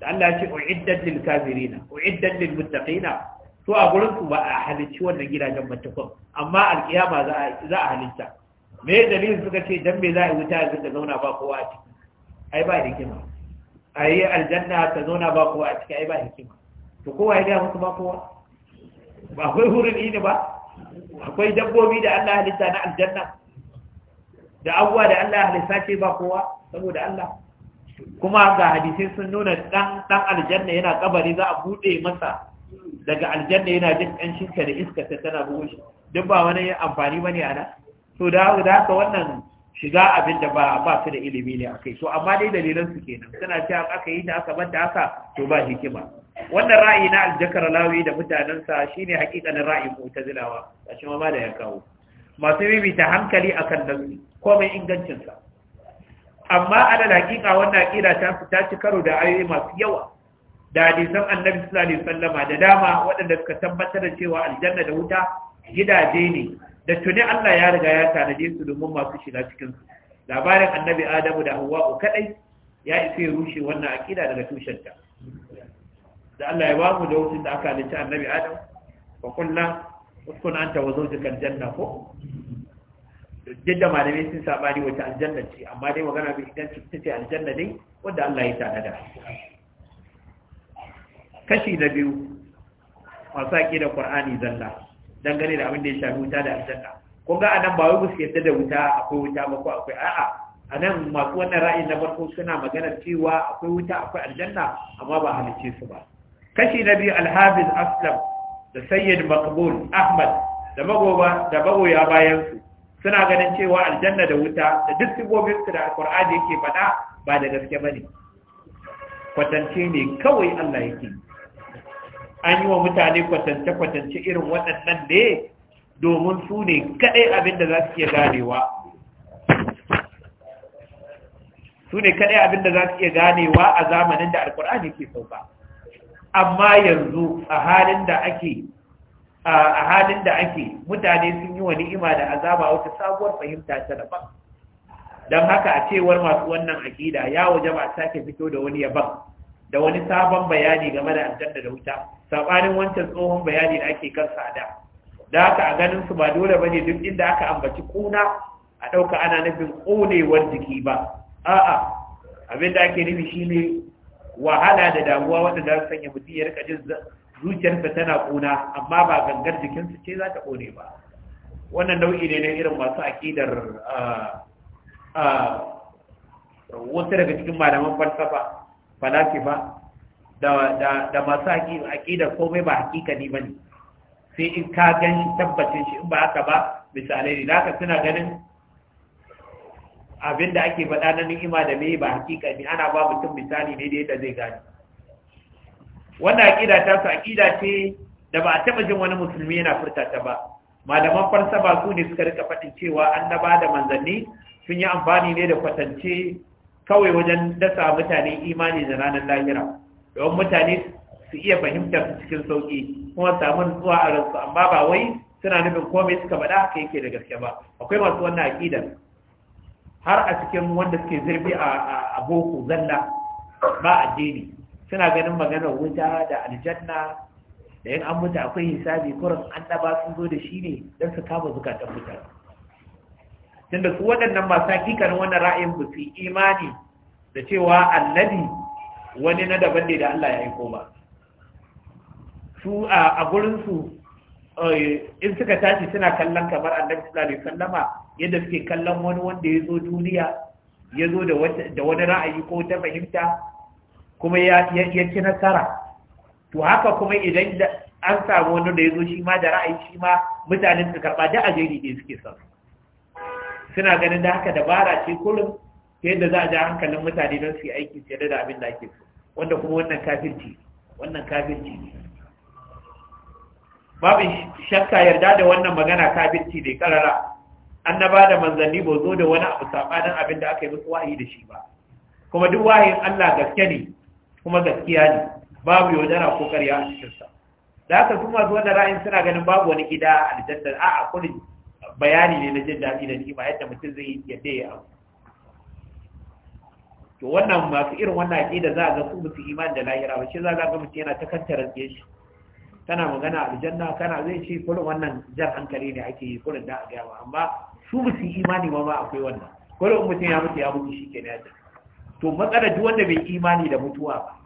da Allah ya ce uiddat lil kafirina uiddat lil muttaqina to a gurin su ba a halicci wannan gidajen mutakon amma alkiyama za a za a halitta me dalilin suka ce dan me za a yi wuta a ta zauna ba kowa a ciki ai ba hikima a yi aljanna ta zauna ba kowa a ciki ai ba hikima to kowa ya gaya musu ba kowa ba akwai hurin ini ba akwai dabbobi da Allah halitta na aljanna da abuwa da Allah halitta ce ba kowa saboda Allah kuma ga hadisai sun nuna dan dan aljanna yana kabari za a bude masa daga aljanna yana jin kanshin da iska ta tana bugun shi duk ba wani amfani bane a nan so da haka wannan shiga abin da ba ba su da ilimi ne a kai, to amma dai dalilan su kenan suna cewa aka yi ta aka banta haka to ba hikima wannan ra'ayi na aljakar lawi da mutanensa shine hakikanin ra'ayin mu'tazilawa a shi ma da ya kawo masu bibi ta hankali akan nan komai ingancin sa amma alal hakika wannan kira ta ta ci karo da ayoyi masu yawa da hadisan annabi sallallahu alaihi wasallama da dama waɗanda suka tabbatar da cewa aljanna da wuta gidaje ne da tuni Allah ya riga ya tanade su domin masu shiga cikin su labarin annabi adamu da ko kadai ya isa ya rushe wannan akida daga tushenta da Allah ya ba mu da wucin da aka halitta annabi adam wa kullu uskun anta wa aljanna ko jidda malamai sun sabani wata aljanna ce amma dai magana bi idan ta ce aljanna dai wanda Allah ya tanada kashi na biyu masu da Qur'ani zalla dangane da abin da ya shafi wuta da aljanna Ko ga anan ba wai ba ta da wuta akwai wuta ba ko akwai a'a anan masu wannan ra'ayi na farko suna magana cewa akwai wuta akwai aljanna amma ba halice su ba kashi na biyu alhafiz aslam da sayyid maqbul ahmad da magoba da magoya bayan su suna ganin cewa aljanna da wuta da duk sibobin su da alqur'ani yake faɗa ba da gaske bane kwatance ne kawai Allah yake yi an yi wa mutane kwatance-kwatance irin waɗannan ne domin su ne kaɗai abin da za su iya ganewa su ne kaɗai abin da za su iya ganewa a zamanin da alkur'ani ke sauka amma yanzu a halin da ake a halin da ake mutane sun yi wa ni'ima da azaba wata sabuwar fahimta ta daban don haka a cewar masu wannan akida ya waje ba a sake fito da wani yaban da wani sabon bayani game da aljanna da wuta sabanin wancan tsohon bayani da ake kansa a da da haka a ganin su ba dole bane duk inda aka ambaci kuna a dauka ana nufin konewar jiki ba a'a abin da ake nufi shine wahala da damuwa wanda za su sanya mutum ya rika jin zuciyarsa tana kuna amma ba gangar jikinsu ce za ta kone ba wannan nau'i ne na irin masu akidar ah, ah, wasu daga cikin malaman falsafa falasifa da masu aƙida komai ba hakikani ba ne sai in ka gan tabbacin shi in ba haka ba misalai ne da suna ganin abin da ake faɗa na ni'ima da mai ba hakikani ana ba mutum misali ne da yadda zai gane wannan aƙida ta su aƙida ce da ba a taɓa jin wani musulmi yana furta ba malaman farsa ba su ne suka rika faɗin cewa annaba da manzanni sun yi amfani ne da kwatance kawai wajen dasa mutane imani da ranar lahira don mutane su iya fahimtar cikin sauki kuma samu nutsuwa a ransu amma ba wai suna nufin komai suka faɗa haka yake da gaske ba akwai masu wannan aƙidar har a cikin wanda suke zirbi a boko zalla ba addini suna ganin maganar wuta da aljanna da yin an mutu akwai hisabi kurin an ɗaba sun zo da shi ne don su kama zukatan mutane tunda su waɗannan masu hakikanin wannan ra'ayin ba su imani da cewa annabi wani na daban ne da Allah ya aiko ba su a gurinsu eh, in suka tashi suna kallon kamar annabi sallallahu alaihi wasallama yadda suke kallon wani wanda ya zo duniya ya zo da wani ra'ayi ko ta fahimta kuma ya ci nasara to haka kuma idan an samu wani da ya zo shi ma da ra'ayi shi ma mutanen su karɓa da ajeri ne suke son suna ganin da haka dabara ce kullum ta yadda za a ja hankalin mutane don su yi aiki su yadda da abin da ake so wanda kuma wannan kafirci wannan kafirci ne babu shakka yarda da wannan magana kafirci ne karara na da manzanni ba zo da wani abu sabanin abin da aka yi musu wahayi da shi ba kuma duk wahayin Allah gaske ne kuma gaskiya ne babu yaudara ko karya a cikinsa da haka kuma masu wannan ra'ayin suna ganin babu wani gida a aljanna a'a kullum bayani ne na jin daɗi da ni'ima yadda mutum zai yadda ya abu to wannan masu irin wannan da za a ga su musu imani da lahira ba shi za a ga mutum yana ta kantar shi tana magana aljanna kana zai ce kullum wannan jan hankali ne ake yi kullum da a gaya amma su musu imani ma ma akwai wannan kullum mutum ya mutu ya mutu shi ke na to matsalar duk wanda bai imani da mutuwa ba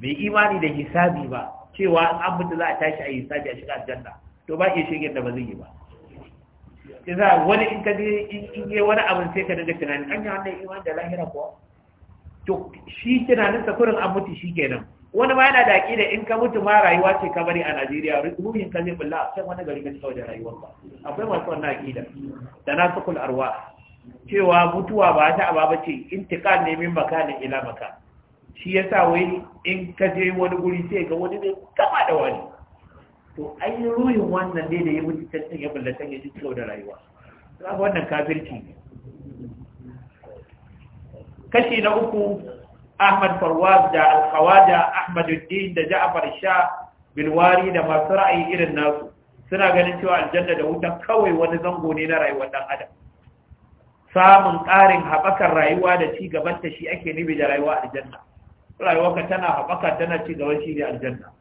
bai imani da hisabi ba cewa an mutu za a tashi a hisabi a shiga aljanna to ba ke shege da ba zai yi ba yasa wani in ka je in yi wani abin sai ka daga tunanin an yi wannan iman da lahira ko to shi tunanin sa kurin an mutu shi kenan wani ma yana da aƙida in ka mutu ma rayuwa ce ka bari a Najeriya ruhin ka zai billa sai wani gari ka ci da rayuwar ba akwai masu wannan aƙida da na arwa cewa mutuwa ba ta aba bace intiqal ne min makanin ila maka shi yasa wai in ka je wani guri sai ga wani ne kama da wani to ai ruhin wannan ne da ya mutu can ya bullatan ya ji da rayuwa za wannan kafirci ne kashi na uku Ahmad Farwaz da al ahmad Ahmaduddin da Ja'far Sha Bilwari da masu ra'ayi irin nasu suna ganin cewa aljanna da wuta kawai wani zango ne na rayuwar dan adam samun ƙarin haɓakar rayuwa da ci shi ake nubi da rayuwa aljanna rayuwarka tana haɓaka tana ci gaban shi ne aljanna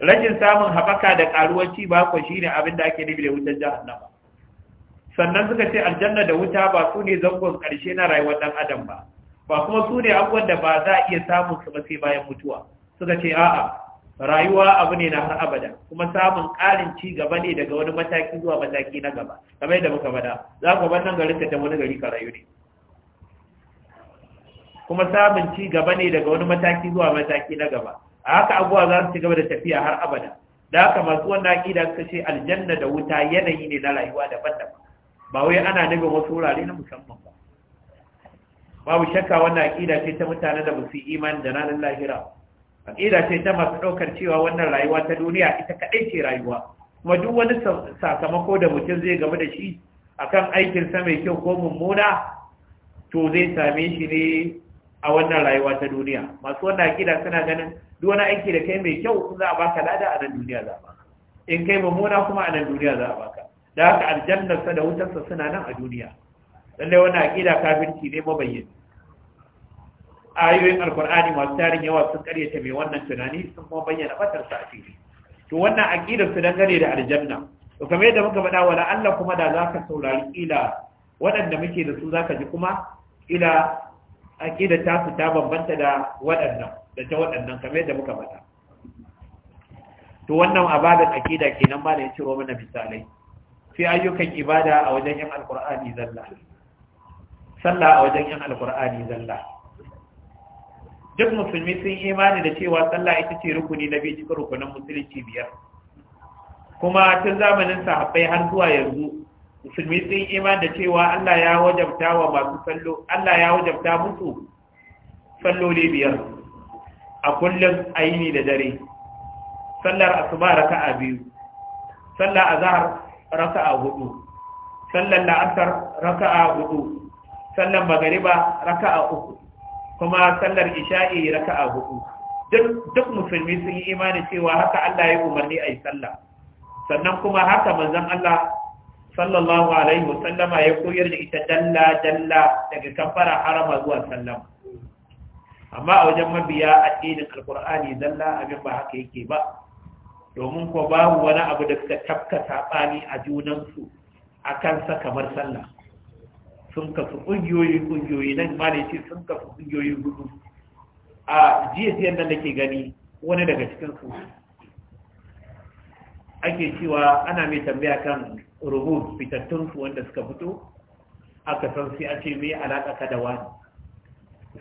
Rajin samun haɓaka da ƙaruwar ci ba ku shine abin da ake nufi da wutar jahannama sannan suka ce aljanna da wuta ba su ne zangon ƙarshe na rayuwar ɗan adam ba ba kuma su ne abubuwan da ba za a iya samun su ba sai bayan mutuwa suka ce a'a rayuwa abu ne na har abada kuma samun ƙarin ci gaba ne daga wani mataki zuwa mataki na gaba kamar yadda muka bada za ku bar nan garin ka ta wani gari ka rayu ne kuma samun ci gaba ne daga wani mataki zuwa mataki na gaba a haka abuwa za su ci gaba da tafiya har abada da haka masu wannan aƙida suka ce aljanna da wuta yanayi ne na rayuwa daban-daban ba wai ana nufin wasu wurare na musamman ba babu shakka wannan aƙida ce ta mutanen da ba su imani da ranar lahira aƙida ce ta masu ɗaukar cewa wannan rayuwa ta duniya ita kaɗai ce rayuwa kuma duk wani sakamako da mutum zai gamu da shi akan aikinsa mai kyau ko mummuna to zai same shi ne a wannan rayuwa ta duniya masu wannan akida suna ganin duk wani aiki da kai mai kyau za a baka lada a nan duniya za a baka in kai mummuna kuma a nan duniya za a baka da haka sa da sa suna nan a duniya lalle wannan akida kafirci ne mabayyana ayoyin alqur'ani masu tarin yawa sun karyata mai wannan tunani sun kuma bayyana sa a fili to wannan aqidar su dangane da aljanna to kamar yadda muka faɗa wala Allah kuma da zaka saurari ila waɗanda muke da su zaka ji kuma ila aƙida ta su ta bambanta da waɗannan da ta waɗannan kamar da muka bata to wannan abadan akida kenan ba da ya ciro mana misalai fi ayyukan ibada a wajen yin alƙur'ani zalla sallah a wajen yin alƙur'ani zalla duk musulmi sun imani da cewa sallah ita ce rukuni na biyu cikin rukunin musulunci biyar kuma tun zamanin sahabbai har zuwa yanzu musulmi sun iman da cewa Allah ya wajabta wa masu sallo Allah ya wajabta musu ne biyar a kullum ayini da dare sallar asuba a biyu sallar azhar a hudu sallar la'asar raka a hudu sallar magariba raka a uku kuma sallar isha'i raka a hudu duk musulmi sun yi imanin cewa haka Allah ya umarni a yi sallah sannan kuma haka manzon Allah sallallahu alaihi wasallama ya koyar da ita dalla dalla daga kafara harama zuwa sallama amma a wajen mabiya addinin alkur'ani dalla abin ba haka yake ba domin ko babu wani abu da suka tafka saɓani a junansu a kansa kamar sallah sun kasu ƙungiyoyi ƙungiyoyi nan ma ne ce sun kasu ƙungiyoyi gudu a jiya nan da ke gani wani daga cikinsu ake cewa ana mai tambaya kan rubut fitattunsu wanda suka fito aka san sai a ce mai alaka ka da wani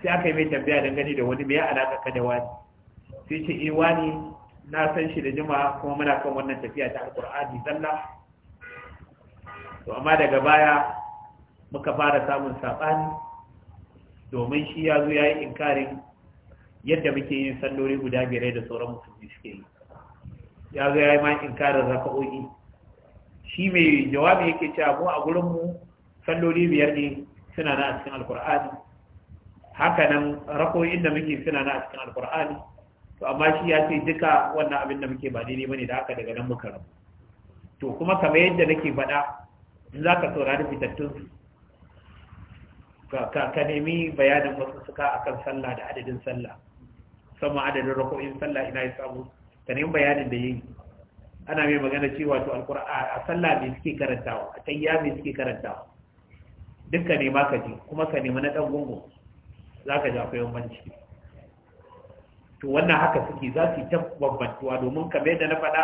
sai aka yi mai tambaya gani da wani mai alaka ka da wani sai ce eh wani na san shi da jima kuma muna kan wannan tafiya ta alqur'ani zalla to amma daga baya muka fara samun sabani domin shi ya zo yayi inkarin yadda muke yin sallori guda biyar da sauran musulmi suke yi ya zo yayi ma inkarin raka'o'i shi mai jawabi yake cewa mu a gurin mu salloli biyar ne suna na a cikin alkur'ani haka nan rakoyin da muke suna na a cikin alkur'ani to amma shi ya ce duka wannan abin da muke ba daidai bane da haka daga nan muka rabu to kuma kamar yadda nake faɗa in za ka saurari fitattun ka nemi bayanin wasu suka akan sallah da adadin sallah sama adadin rakoyin sallah ina ya samu ka nemi bayanin da yi ana mai magana cewa to alqur'ani a sallah me suke karantawa a tayya me suke karantawa dukka ne ma ka ji kuma ka nemi na dan gungu zaka ji akwai bambanci to wannan haka suke za su ta bambantuwa domin kamar da na faɗa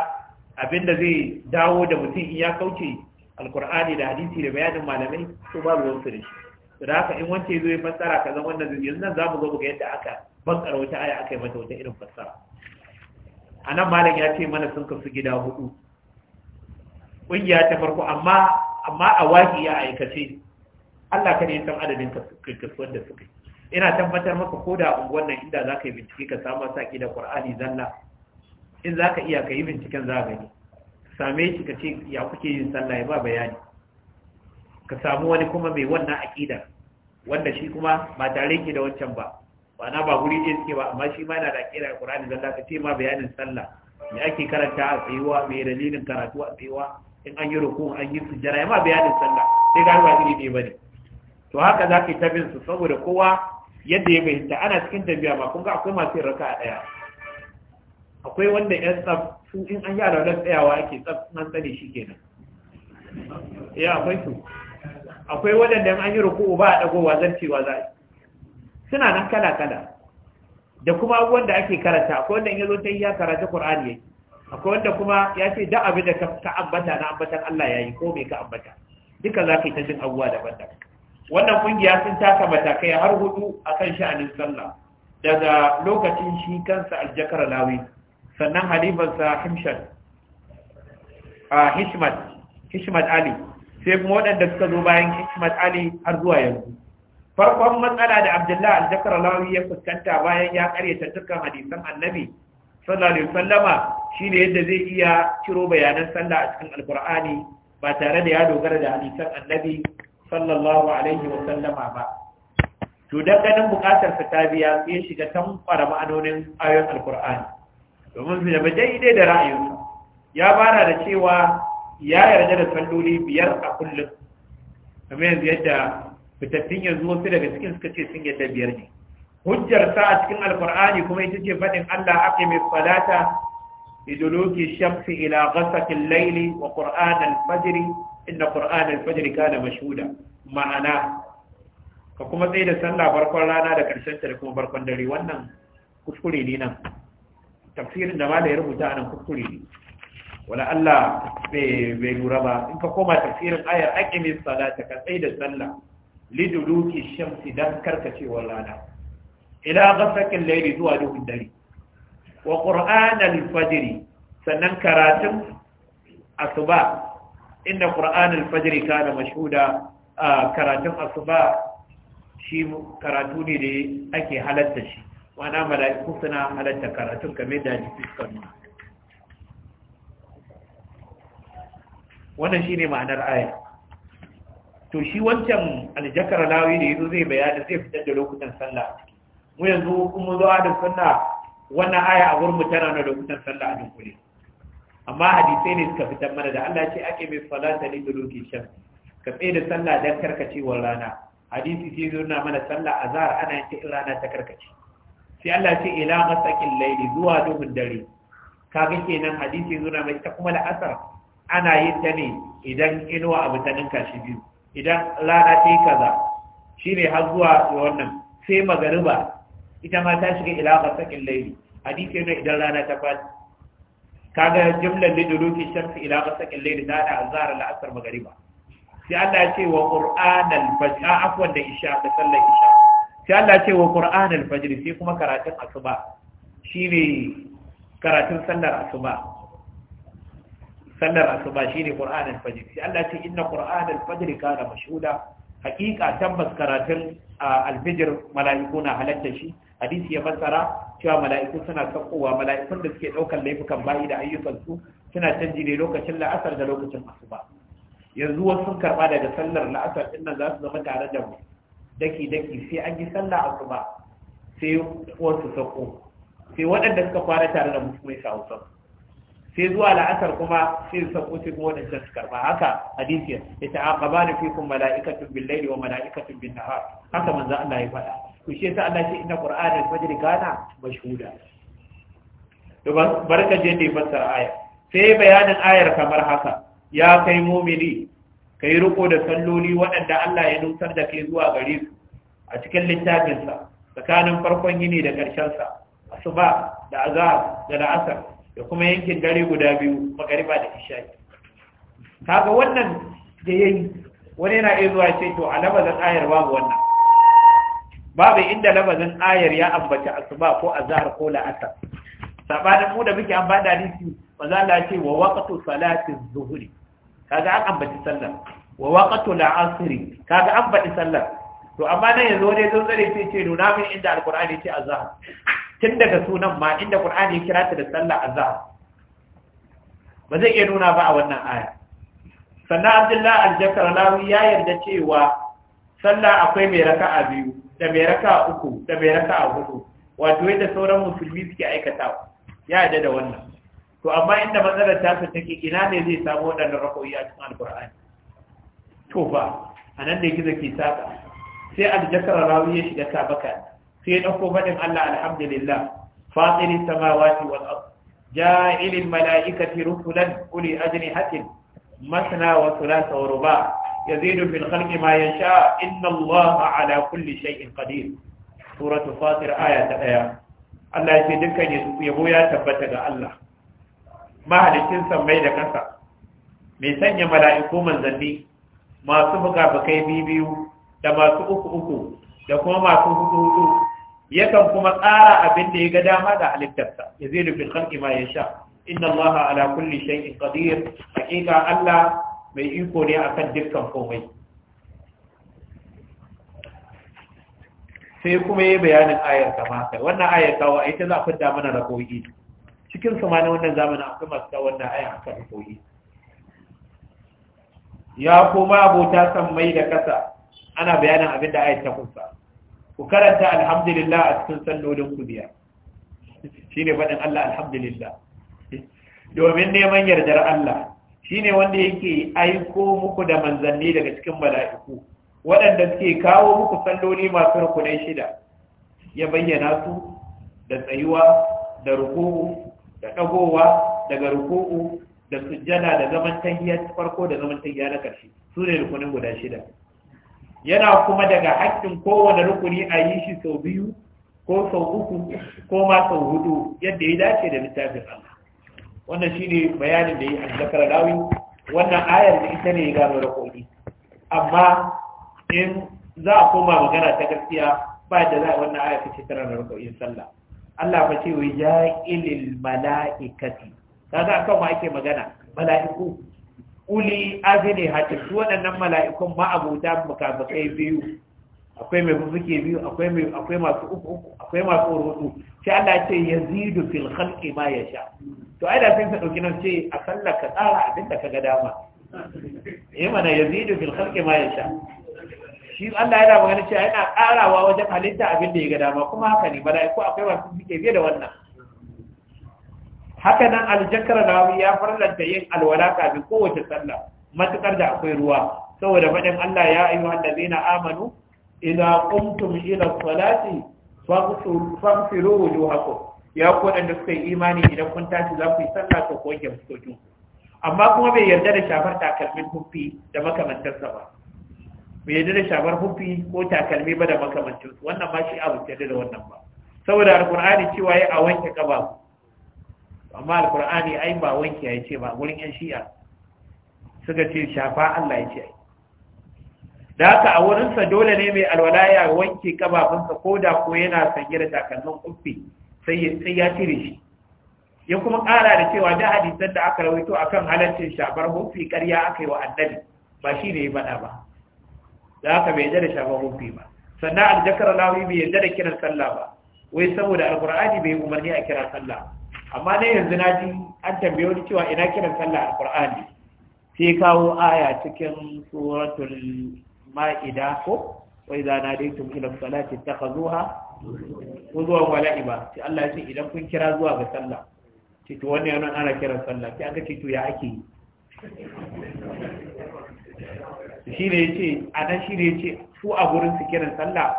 abinda zai dawo da mutum in ya kauce alkur'ani da hadisi da bayanin malamai to babu ruwansu da shi to da haka in wance zo ya fassara kaza wannan zai yanzu nan za mu ga yadda aka bankar wata aya aka yi mata wata irin fassara a nan malam ya ce mana sun kasu gida hudu ƙungiya ta farko amma a waƙi ya aikace Allah ka ne san adadin kasuwar da suka yi ina tabbatar maka ko da unguwan nan inda za ka yi bincike ka samu sa da ƙwar'ani zalla in za ka iya ka yi binciken za gani same shi ka ce ya kuke yin sallah ya ba bayani ka samu wani kuma mai wannan aƙidar wanda shi kuma ba tare ki da wancan ba Ba na ba guri ɗaya suke ba amma shi ma yana da akira Qur'ani zalla ka ce ma bayanin sallah me ake karanta a tsayuwa me dalilin karatu a tsayuwa in an yi rukun an yi sujjara ya ma bayanin sallah sai ga ba iri ne bane to haka za ka yi ta bin su saboda kowa yadda ya fahimta ana cikin tafiya ba, kun ga akwai masu yin raka'a ɗaya akwai wanda yan tsaf su in an yi alaunar tsayawa ake tsaf an tsane shi kenan ya eh, akwai su akwai waɗanda an yi ruku ba a ɗagowa zan za a suna nan kala-kala da kuma abubuwan da ake karanta akwai wanda in yazo ta iya ya karanta Qur'ani yake akwai wanda kuma ya ce da abin da ka ambata na ambatan Allah yayi ko me ka ambata duka za ka ta jin abubuwa daban-daban wannan kungiya sun taka matakai har hudu akan sha'anin sallah daga lokacin shi kansa aljakar lawi sannan halifansa himshan a hishmat hishmat ali sai kuma waɗanda suka zo bayan hishmat ali har zuwa yanzu farkon matsala da abdullahi aljakaralawi ya fuskanta bayan ya karyata dukkan hadisan annabi sallallahu alaihi wasallama shine yadda zai iya ciro bayanan sallah a cikin alkur'ani ba tare da ya dogara da hadisan annabi sallallahu alaihi wasallama ba to dan ganin bukatar fitabiya sai ya shiga tambara ma'anonin ayoyin alkur'ani domin da bajai dai da ra'ayinsa ya bara da cewa ya yarda da salloli biyar a kullum kamar yanzu yadda fitattun yanzu wasu daga cikin suka ce sun yadda biyar ne hujjar sa a cikin alkur'ani kuma ita ce faɗin Allah mai salata idoloki shamsi ila ghasaqil laili wa ƙur'an alfajiri inda inna alfajiri ka da mashuda ma'ana ka kuma tsaye da sallah farkon rana da ƙarshen ta da kuma farkon dare wannan kuskure ne nan tafsirin da malayar rubuta nan kuskure ne wala Allah bai lura ba in ka koma tafsirin ayar mai salata ka tsaye da sallah liduduki shamsi dan karkacewar rana ila ghasakin layli zuwa duhun dare wa qur'an al sannan karatun asuba inda qur'an al kana mashhuda karatun asuba shi karatu ne da ake halatta shi wana mala'iku suna halatta karatun kamar da ji fuskar ma. wannan shine ma'anar aya to shi wancan aljakar lawi da yanzu zai bayani zai fitar da lokutan sallah mu yanzu kuma zo da sunna wannan aya a gurin tana da lokutan sallah a dunkule amma hadisai ne suka fitar mana da Allah ce ake mai salata ne da lokacin ka tsaye da sallah dan karkacewar rana hadisi sai zo na mana sallah azhar ana yin in rana ta karkace sai Allah ce ila masakin layli zuwa duhun dare kaga kenan hadisi zo na mai ta kuma da asar ana yin ta ne idan inuwa abu ta ninka shi biyu idan rana ta yi kaza shi ne har zuwa wannan sai magariba ita ma ta shiga ilaƙar sakin laili hadisi ne idan rana ta fadi kaga jumlar liduluki shamsi ilaƙar sakin laili da da azhar la'asar magariba sai Allah ya ce wa al fajr afwan da isha da sallar isha sai Allah ya ce wa al fajr sai kuma karatun asuba ne karatun sallar asuba sallar asuba shine qur'an al-fajr sai Allah ce inna qur'an al-fajr kana mashhuda hakika tabbas karatun al-fajr mala'iku na halatta shi hadisi ya fassara cewa mala'iku suna sakkowa mala'ikun da suke daukar laifukan bayi da ayyukan su suna canji ne lokacin la'asar da lokacin asuba yanzu wasu sun karba daga sallar la'asar din nan za su zama tare da mu daki daki sai an yi sallah asuba sai wasu sakko sai waɗanda suka fara tare da mu kuma ya sai zuwa la'asar kuma sai su sako sai kuma wadancan su karba haka hadisi ya ta aqaba da fikum mala'ikatun bil laili wa mala'ikatun bin nahar haka manzo Allah ya faɗa to shi yasa Allah shi inna qur'ana da fajr kana mashhuda to barka je da fassar aya sai bayanin ayar kamar haka ya kai mu'mini kai riko da salloli waɗanda Allah ya nutsar da kai zuwa gare su a cikin littafinsa tsakanin farkon yini da ƙarshen sa asuba da azhar da la'asar da kuma yankin dare guda biyu magariba da isha'i kaga wannan da yayi wani yana iya zuwa ce to a labazin ayar babu wannan babu inda labazin ayar ya ambaci asuba ko azhar ko la'asar sabanin mu da muke an bada hadisi manzo Allah ce wa waqtu salati zuhri kaga an ambaci sallar wa waqtu la'asri kaga an baɗi sallar to amma nan yanzu wani zo zare ce ce nuna min inda alqur'ani ce azhar tun daga sunan ma inda Qur'ani ya kira ta da sallah azhar ba zai iya nuna ba a wannan aya sannan Abdullahi al-Jakarlawi ya yarda cewa sallah akwai mai raka'a biyu da mai raka'a uku da mai raka'a hudu wato yadda sauran musulmi suke aikata ya yarda da wannan to amma inda matsalar su take ina ne zai samu wadannan raka'o'i a cikin alkur'ani to fa a da gizo ke saka sai aljakar ya shiga sabaka sai dauko fadin Allah alhamdulillah fatiris samawati wal ard ja'ilil malaikati rusulan uli ajnihatin masna wa thulatha wa ruba yazidu fil khalqi ma yasha inna Allah ala kulli shay'in qadir suratu fatir aya ta daya Allah ya ce dukkan yabo ya tabbata ga Allah mahalicin sammai da kasa mai sanya mala'iku manzanni masu buka-bukai biyu da masu uku uku da kuma masu hudu hudu yakan kuma tsara abin da ya ga dama da halittarsa ya zai rufin khalqi ma sha. inna allaha ala kulli shay'in qadir hakika allah mai iko ne akan dukkan komai sai kuma yi bayanin ayar kama kai wannan ayar kawo a ita za a fidda mana rakoyi cikin su ma na wannan zamanin akwai masu ta wannan ayar akan rakoyi ya kuma abota san mai da kasa ana bayanin abin da ayar ta kusa ku karanta alhamdulillah a cikin sallolin ku biya shine faɗin Allah alhamdulillah domin neman yardar Allah shine wanda yake aiko muku da manzanni daga cikin mala'iku waɗanda suke kawo muku salloli masu rukunai shida ya bayyana su da tsayuwa da ruku'u da ɗagowa daga ruku'u da sujjana da zaman tahiyya farko da zaman tahiyya na ƙarshe su ne rukunin guda shida yana kuma daga haƙƙin kowane rukuni a yi shi sau biyu ko sau uku ko ma sau hudu yadda ya dace da littafin Allah wannan shine bayanin da yi azzakar rawi wannan ayar da ita ne ya gano rukuni amma in za a koma magana ta gaskiya ba da za a wannan ayar ta cikin tana sallah Allah fa ce wa ja'ilil mala'ikati kaga akan ma ake magana mala'iku uli azini hatta su waɗannan mala'ikun ma'abuta mukafakai biyu akwai mai fufuke biyu akwai mai akwai masu uku uku akwai masu hudu sai Allah ce yazidu fil khalqi ma yasha to ai da sai ka dauki nan ce a sallar ka tsara abin da ga dama eh mana yazidu fil khalqi ma yasha shi Allah yana magana cewa yana karawa wajen halitta abin da ya ga dama kuma haka ne mala'iku akwai masu fufuke biyu da wannan haka nan rawi ya farlanta yin alwala kafin kowace sallah matukar da akwai ruwa saboda faɗin Allah ya ayyuha allazina amanu idza qumtum ila salati faghsilu wujuhakum ya ku wadanda suka yi imani idan kun tashi za ku yi sallah ko ku wanke fuskokin amma kuma bai yarda da shafar takalmin huffi da makamantarsa ba bai yarda da shafar huffi ko takalmi ba da makamantarsa wannan ba shi abu da wannan ba saboda alqur'ani cewa ya a wanke kafa amma alkur'ani ai ba wanki ya ce ba gurin yan shi'a suka ce shafa Allah ya ce da haka a wurinsa dole ne mai alwala ya wanke ko da ko yana sanye da takalmin kuffi sai ya cire shi ya kuma kara da cewa da hadisan da aka rawaito akan halarcin shafar kuffi ƙarya aka yi wa annabi ba shi ne ya faɗa ba da haka bai yarda da shafar kuffi ba sannan aljakar lawi bai yarda da kiran sallah ba wai saboda alkur'ani bai umarni a kira sallah amma na yanzu na ji an tambaye wani cewa ina kiran sallah a sai kawo aya cikin suratul ma'ida ko wai za na dai tun ila salati takhazuha huzuwan wa la'iba sai Allah ya ce idan kun kira zuwa ga sallah ce to wannan yana ana kiran sallah sai aka ce to ya ake yi shi ne yace anan shi ne yace su a gurin su kiran sallah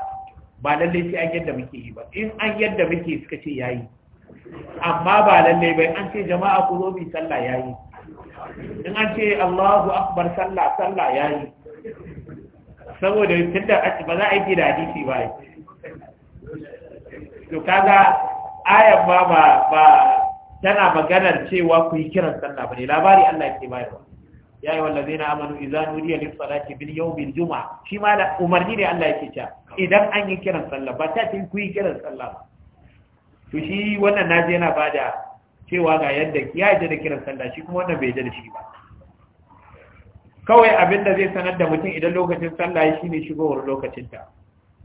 ba lalle sai an yadda muke yi ba in an yadda muke suka ce yayi amma ba lalle bai an ce jama'a ku zo bi sallah yayi in an ce Allahu akbar sallah sallah yayi saboda tunda ba za a yi da hadisi ba to kaga ayan ba ba tana maganar cewa ku yi kiran sallah bane labari Allah yake bayar ya yi wallazi na amanu idza nudiya lis salati bil al juma'a shi ma umarni ne Allah yake cewa idan an yi kiran sallah ba ta tin ku yi kiran sallah ba to shi wannan naji yana bada cewa ga yadda ya yi da kiran sallah shi kuma wannan bai da shi ba kawai abin da zai sanar da mutum idan lokacin sallah ya shine shigowar lokacinta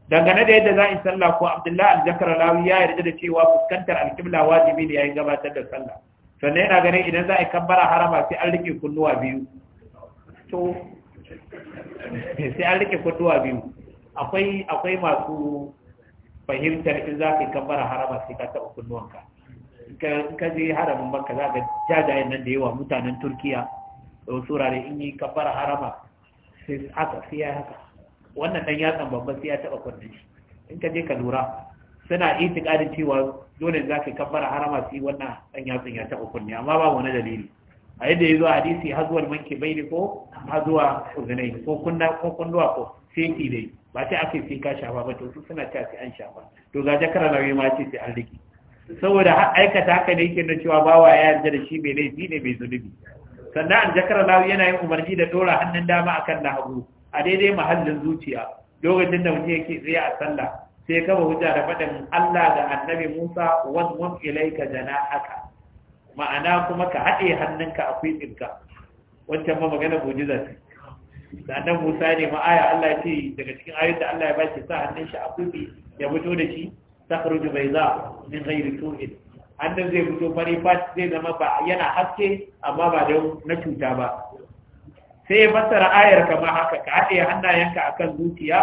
dangane da yadda za a yi sallah ko abdullahi aljakar lawi ya yarda da cewa fuskantar al-Qibla wajibi ne yayin gabatar da sallah sannan yana ganin idan za a yi kabbara harama sai an rike kunnuwa biyu to sai an rike kunnuwa biyu akwai akwai masu fahimtar in za ka yi kabbara harama sai ka taɓa kunnuwanka in ka je haramin makka za ka jajayen nan da yawa mutanen turkiya da wasu wurare in yi kambara harama sai haka sai ya haka wannan dan yatsan babban sai ya taɓa kunnen shi in ka je ka lura suna itikadin cewa dole za ka yi kabbara harama sai wannan dan yatsan ya taɓa kunne amma ba wani dalili a yadda ya zo a hadisi hazuwar manke bai ko hazuwa uzunai ko kunna ko kunduwa ko sai dai ba ta aka yi ka shafa ba to su suna ta an shafa to ga jakar rawi ma ce sai an rike saboda aikata haka ne yake na cewa bawa ya yarda da shi mai laifi ne mai zunubi sannan an jakar yana yin umarni da dora hannun dama akan na hagu a daidai mahallin zuciya lokacin da mutum yake tsaye a sallah sai kama hujja da faɗin Allah ga annabi Musa wasmum ilaika haka. ma'ana kuma ka haɗe hannunka a kwitsinka wancan ma magana mujiza ce da nan Musa ne ma aya Allah ce daga cikin ayoyin da Allah ya ba shi sa hannun shi a kufi ya fito da shi takhruju bayza min ghairi tu'in hannun zai fito fari fat zai zama ba yana haske amma ba da na cuta ba sai ya fassara ayar kama haka ka haɗe hannayenka akan zuciya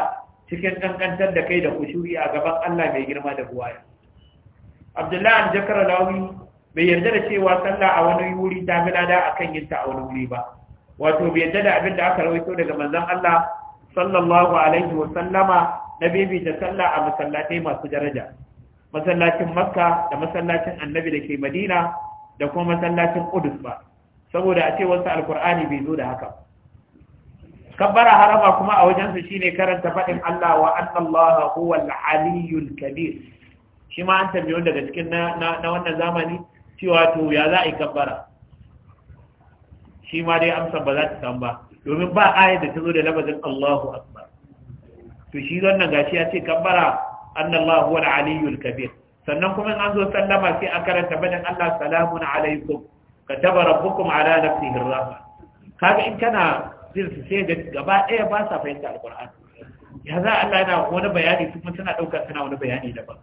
cikin dangantar da kai da kushuri a gaban Allah mai girma da buwaya Abdullahi al bai yarda da cewa sallah a wani wuri ta fi lada akan yinta a wani wuri ba wato bai yadda da abin da aka rawaito daga manzon Allah sallallahu alaihi wa sallama na bibita sallah a masallatai masu daraja masallacin makka da masallacin annabi da ke madina da kuma masallacin Qudus ba saboda a ce wasu alkur'ani bai zo da haka kabbara harama kuma a wajensu shine karanta faɗin Allah wa annallaha huwal aliyyul kabir shi ma an tambaye daga cikin na, wannan zamani cewa to ya za a yi kabbara shi ma dai amsa ba za ta samu ba domin ba aya da ta zo da lafazin Allahu akbar to shi nan gashi ya ce kabbara annallahu wal aliyyul kabir sannan kuma an zo sallama sai a karanta badan Allah salamun alaikum kataba rabbukum ala nafsihi rahma kaga in kana jin su sai gaba ɗaya ba sa fahimta alqur'ani ya za Allah yana wani bayani su kuma suna ɗaukar suna wani bayani daban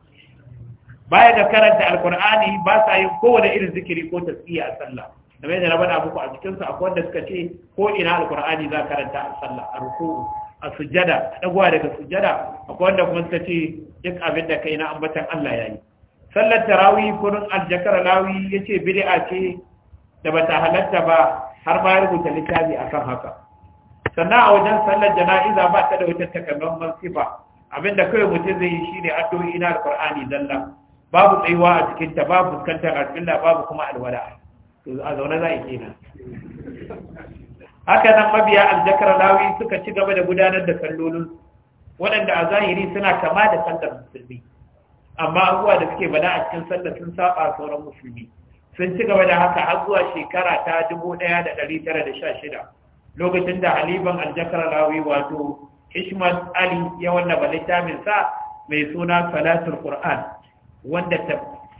baya da karanta alqur'ani ba sa yin kowane irin zikiri ko tasbiya a sallah kamar yadda na faɗa muku a cikinsu, su akwai wanda suka ce ko ina alkur'ani za karanta a sallah a a a daga sujada, akwai wanda kuma suka ce duk abin da kai na ambatan Allah yayi sallar tarawih kurin aljakar lawi yace bid'a ce da bata halatta ba har ma rubuta littafi akan haka sannan a wajen sallar jana'iza ba ta da wata takamaiman sifa abinda kawai mutum zai yi shine addu'o'i na alkur'ani zalla babu tsayuwa a cikinta, babu fuskantar alƙilla babu kuma alwala a zaune za a haka nan mabiya aljakar lawi suka ci gaba da gudanar da kallolin waɗanda a zahiri suna kama da sallar musulmi amma abubuwa da suke bada a cikin sallar sun saba sauran musulmi sun ci gaba da haka har zuwa shekara ta shida, lokacin da haliban aljakar lawi wato ishmael ali ya balita littafin sa mai suna salatul qur'an wanda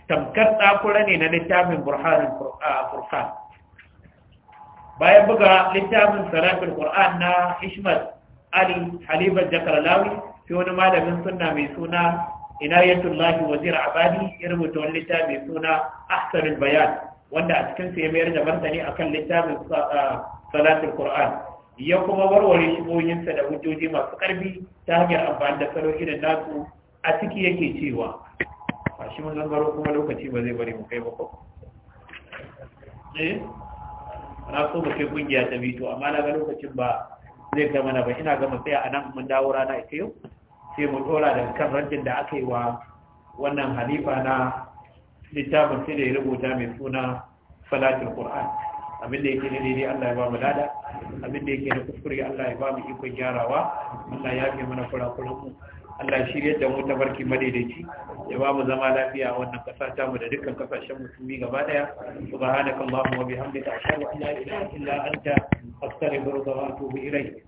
tamkar tsakura ne na littafin burhanin ah, furkan bayan buga littafin sarafin qur'an na ishmael ali halibar jakarlawi fi wani malamin sunna mai suna inayatullahi wazir abadi ya rubuta wani suna ahsanul bayan wanda a cikin ya mayar da martani akan littafin ah, salatin qur'an ya kuma warware shigoyinsa da hujjoji masu karfi ta hanyar amfani da salo irin nasu a ciki yake cewa A shi mun kuma lokaci ba zai bari mu kai ba ko eh na so muke kungiya ta bito amma na ga lokacin ba zai gama mana ba ina ga mu tsaya a nan mun dawo rana ita yau sai mu tsora da kan rajin da aka yi wa wannan halifa na littafin sai da ya rubuta mai suna salatul qur'an abin da yake daidai Allah ya ba mu lada abin da yake na kuskure Allah ya ba mu ikon gyarawa Allah ya yafe mana kurakuran mu Allah shirya da mu tabarki madaidaici ya ba mu zama lafiya a wannan kasa ta mu da dukkan kasashen musulmi gaba daya subhanaka allahumma wa bihamdika ashhadu an la ilaha illa anta astaghfiruka wa atubu ilayk